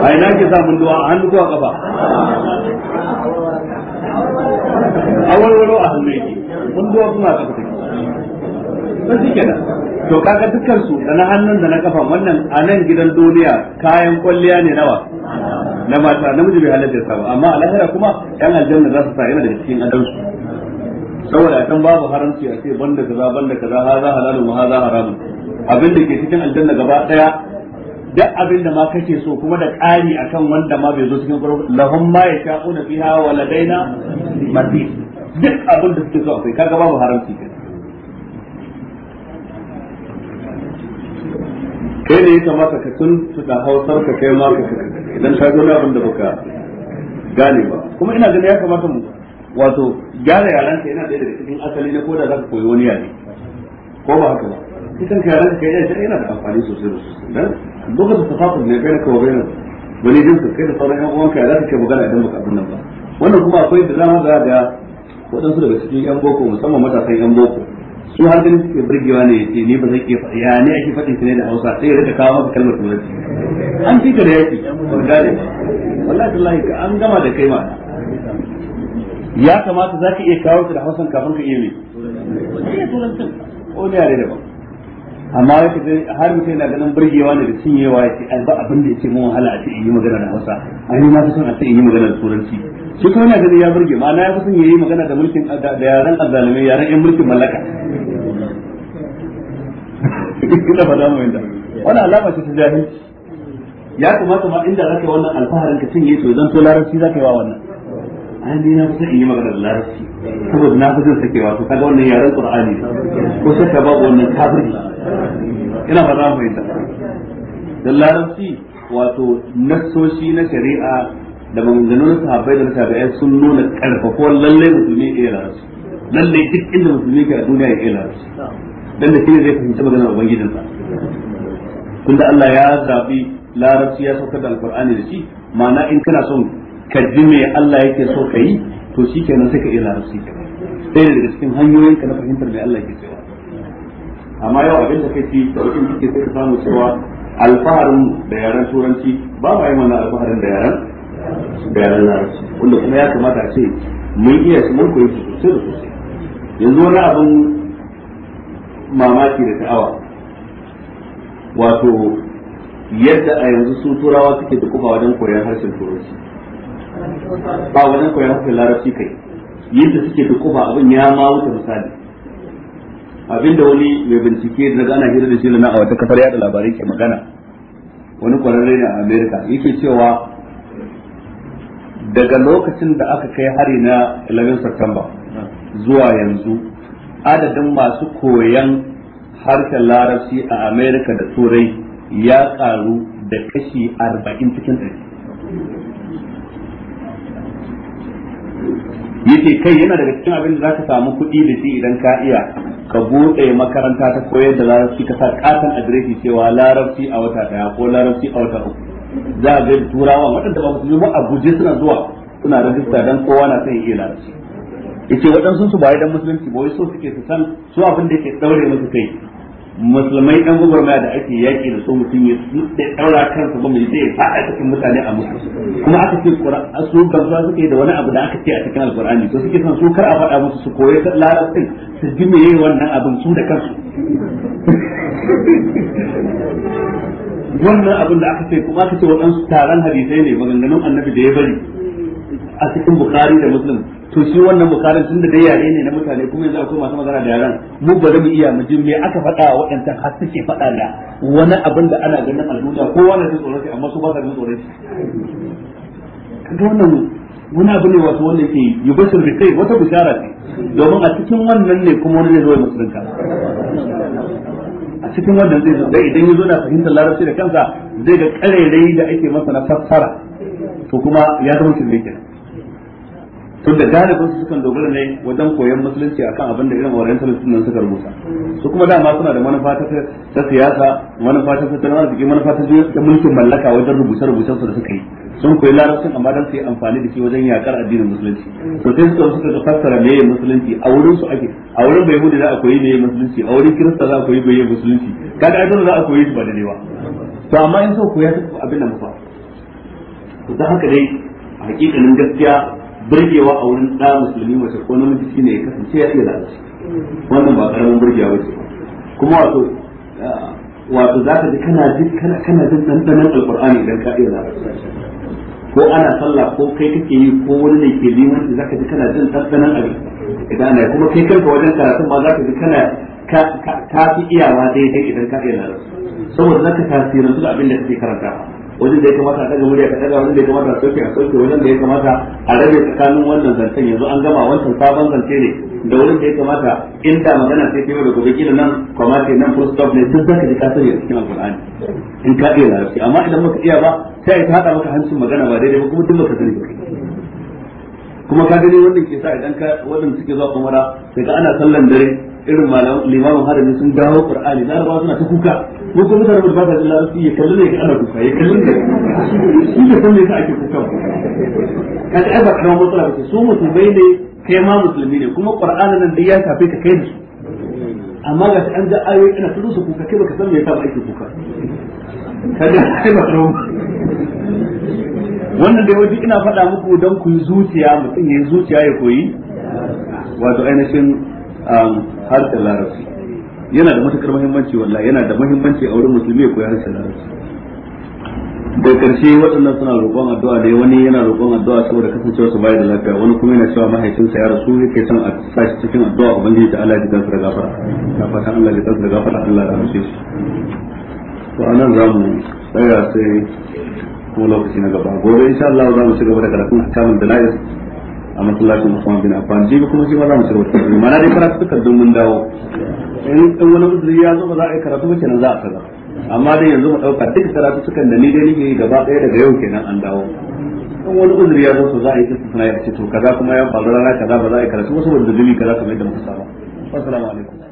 a ina ke sa munduwa a hannu ko a kafa a warwaro a hannu yake mun zuwa suna kafa take na shi kenan to kaga dukkan su da na hannun da na kafa wannan a nan gidan duniya kayan kwalliya ne nawa na mata namiji bai halatta sa ba amma a lahira kuma yan aljanna za su sa yana daga cikin adansu saboda kan babu haramci a ce banda kaza banda kaza haza halalun wa haza haramun abin da ke cikin aljanna gaba daya duk abin da ma kake so kuma da ƙari akan wanda ma bai zo cikin gurbin lahum ma kuna fiha wa ladaina mazid duk abin da suke so akwai kaga babu haramci kenan kai ne ya kamata ka tun tuta hausar ka kai ma ka idan ka zo abin da baka gane ba kuma ina ganin ya kamata mu wato gyara yaran ka yana daya daga cikin asali na koda za ka koyi wani yare ko ba haka ba kitan ka yaran kai ne shi yana da amfani sosai da sosai dan lokacin tafafus ne bai ka bai wani jinsin kai da sauran yan uwanka ya za ka ke magana idan baka abin nan ba wannan kuma akwai da dama za ga waɗansu daga cikin yan boko musamman matasan yan boko su har ganin suke birgewa ne ce ni ba zai ke faɗi ya ne ake faɗin ne da hausa sai ya rika kawo maka kalmar turanci an fita da yaki ban gane wallahi tallahi ka an gama da kai ma ya kamata za ka iya kawo su da hausan kafin ka iya mai ko ne yare daban amma ya da har mutum yana ganin burgewa ne da cinyewa ya ce ai ba abin da yake mun wahala a ce in yi magana da Hausa ai ni na fi son a ce in yi magana da Turanci shi kuma yana ganin ya burge ma na ya fi son ya yi magana da mulkin da yaran azzalumai yaran yan mulkin mallaka ina ba za mu yanda wannan alama ce ta jahilci ya kamata ma inda zaka wannan alfaharin ka cinye to zan to larabci zaka yi wa wannan an dai na fi in yi magana da larabci saboda na fi jin sakewa to kaga wannan yaren qur'ani ko shakka babu wannan kafiri ina ba za mu fahimta da larabci wato nassoshi na shari'a da maganganun sahabbai da tabi'ai sun nuna karfafuwar lallai musulmi ya iya larabci lallai duk inda musulmi ke a duniya ya iya larabci dan da shine zai fahimci maganar ubangijinsa tunda Allah ya zabi larabci ya saukar da alqur'ani da shi ma'ana in kana son ka ji me Allah yake so ka yi to nan sai ka iya larabci sai daga cikin hanyoyin ka na fahimtar me Allah yake cewa amma yau abin da kai da wajen kike sai ka samu cewa alfaharin da yaran turanci ba ma yi mana alfaharin da yaran da yaran larabci wanda kuma ya kamata a ce mun iya su mun koyi su sosai da sosai yanzu wani abin mamaki da ta'awa wato yadda a yanzu su turawa suke da kuma wajen koyon harshen turanci ba wajen koyar hakan larabci kai yadda suke kofa abin ya ma wuce misali abinda wani mai bincike da daga ana hira da shi na a wata kafar yada labarai ke magana wani kwararre ne a america yake cewa daga lokacin da aka kai hari na 11 september zuwa yanzu adadin masu koyan harshen larabci a america da turai ya karu da kashi 40 cikin 100 yace kai yana daga cikin abin da ka samu kuɗi da shi idan ka iya ka buɗe makaranta ta koyar da larabci ka sa katon adireshi cewa larabci a wata daya ko larabci a wata uku za a ga turawa waɗanda ba yi ba a guje suna zuwa suna rajista dan kowa na son iya larabci yace waɗansu su ba dan musulunci ba wai so suke su san su abin da yake daure musu kai musulmai ɗan gwagwarmaya da ake yaƙi da so mutum ya da ɗaura kansa ba mai zai faɗa cikin mutane a musu kuma aka ce su gamsuwa suke da wani abu da aka ce a cikin alƙur'ani to suke son su kar a faɗa musu su koye koyi larabcin su ji meye wannan abin su da kansu wannan abin da aka ce kuma aka ce waɗansu taron hadisai ne maganganun annabi da ya bari a cikin bukari da muslim to shi wannan bukarin tun da dai yare ne na mutane kuma yanzu akwai masu magana da yaran mu bari mu iya mu ji me aka faɗa wa waɗancan har suke faɗa da wani abin da ana ganin al'umma ko wani jin tsoron shi amma su ba sa ganin tsoron shi kaga wannan wani abu ne wasu wanda ke yi bashin da kai wata bishara ce domin a cikin wannan ne kuma wani zai zo ya musulunta a cikin wannan zai zo da idan ya zo na fahimtar larabci da kansa zai ga karerai da ake masa na fassara to kuma ya zama shirme kenan tunda galibin su sukan dogara ne wajen koyon musulunci akan abin da irin orientalist nan suka rubuta mm. su kuma dama suna da manufa ta siyasa manufa ta tattalin arziki manufa ta jiya ta mulkin mallaka wajen rubuce rubucen su da suka yi sun koyi larabcin amma dan su yi amfani da shi wajen yakar addinin musulunci mm. to sai suka suka ga fassara meye musulunci a wurin su ake a wurin bai da za a koyi meye musulunci a wurin kirista za a koyi meye musulunci kaga ai za a koyi shi ba da ba to amma in so koya su abin da fa. to dan haka dai hakikanin gaskiya burgewa a wurin da musulmi mace ko namiji shine ya kasance ya iya larabci wannan ba karamin burgewa ce kuma wato wato za ka ji kana jin kana kana jin dandanan alqur'ani idan ka iya larabci ko ana sallah ko kai kake yi ko wani ne ke limanci za ka ji kana jin dandanan abin idan ana kuma kai kanka wajen karatun ma za ka ji kana ka fi iyawa daidai idan ka iya larabci saboda za ka tasirantu da abin da kake karanta wajen da ya kamata a daga murya ka ɗaga wajen da ya kamata a sauke a sauke wajen da ya kamata a rabe tsakanin wannan zancen yanzu an gama wancan sabon zance ne da wurin da ya kamata inda magana sai ta wadda da gobe gina nan kwamata nan full stop ne duk zaka ji ka sani a cikin Alƙur'ani, in ka iya larabci amma idan baka iya ba sai ta haɗa maka hancin magana ba daidai ba kuma duk maka sani ba kuma ka gani wannan ke sa idan ka wannan suke zuwa umara sai ka ana sallan dare irin malaman limamin harami sun dawo qur'ani da rawa suna ta kuka ko kuma mutane ba ta jin larabci ya kallon ne ka ana kuka ya kallon ne shi ne san me yasa ake kuka ka ga ba kawo matsala ba su musulmai ne kai ma musulmi ne kuma qur'anin nan da ya kafe ka kai da su amma ga an ga ayoyi ana tudu su kuka kai baka san me yasa ba ake kuka kaga ai ba wannan da yawanci ina faɗa muku don ku yi zuciya mutum ya yi zuciya ya koyi wato ainihin um, harshen larabci yana da matukar muhimmanci wallahi yana da muhimmanci a wurin musulmi ya koyi harshen larabci da karshe waɗannan suna roƙon addu'a da wani yana roƙon addu'a saboda kasancewa su bayar da lafiya wani kuma yana cewa mahaifinsa ya rasu yake son a sashi cikin addu'a ubangiji ta Allah ya kansa da gafara ta fatan Allah ya kansa da gafara Allah ya rahmace shi to anan zamu tsaya sai ko lokaci na gaba gobe insha Allah za mu ci gaba da karatun ahkamul dalil a masallacin Usman bin Affan ji kuma shi ma za mu ci gaba da karatu mana dai karatu takardun mun dawo in wani uzuri ya zo ba za a yi karatu ba kenan za a kaza amma dai yanzu mu dauka duk karatu suka da ni dai nake gaba daya daga yau kenan an dawo in wani uzuri ya zo to za a yi istisna ya ce to kaza kuma ya faru rana kaza ba za a yi karatu ba saboda dalili kaza kamar yadda muka saba assalamu alaikum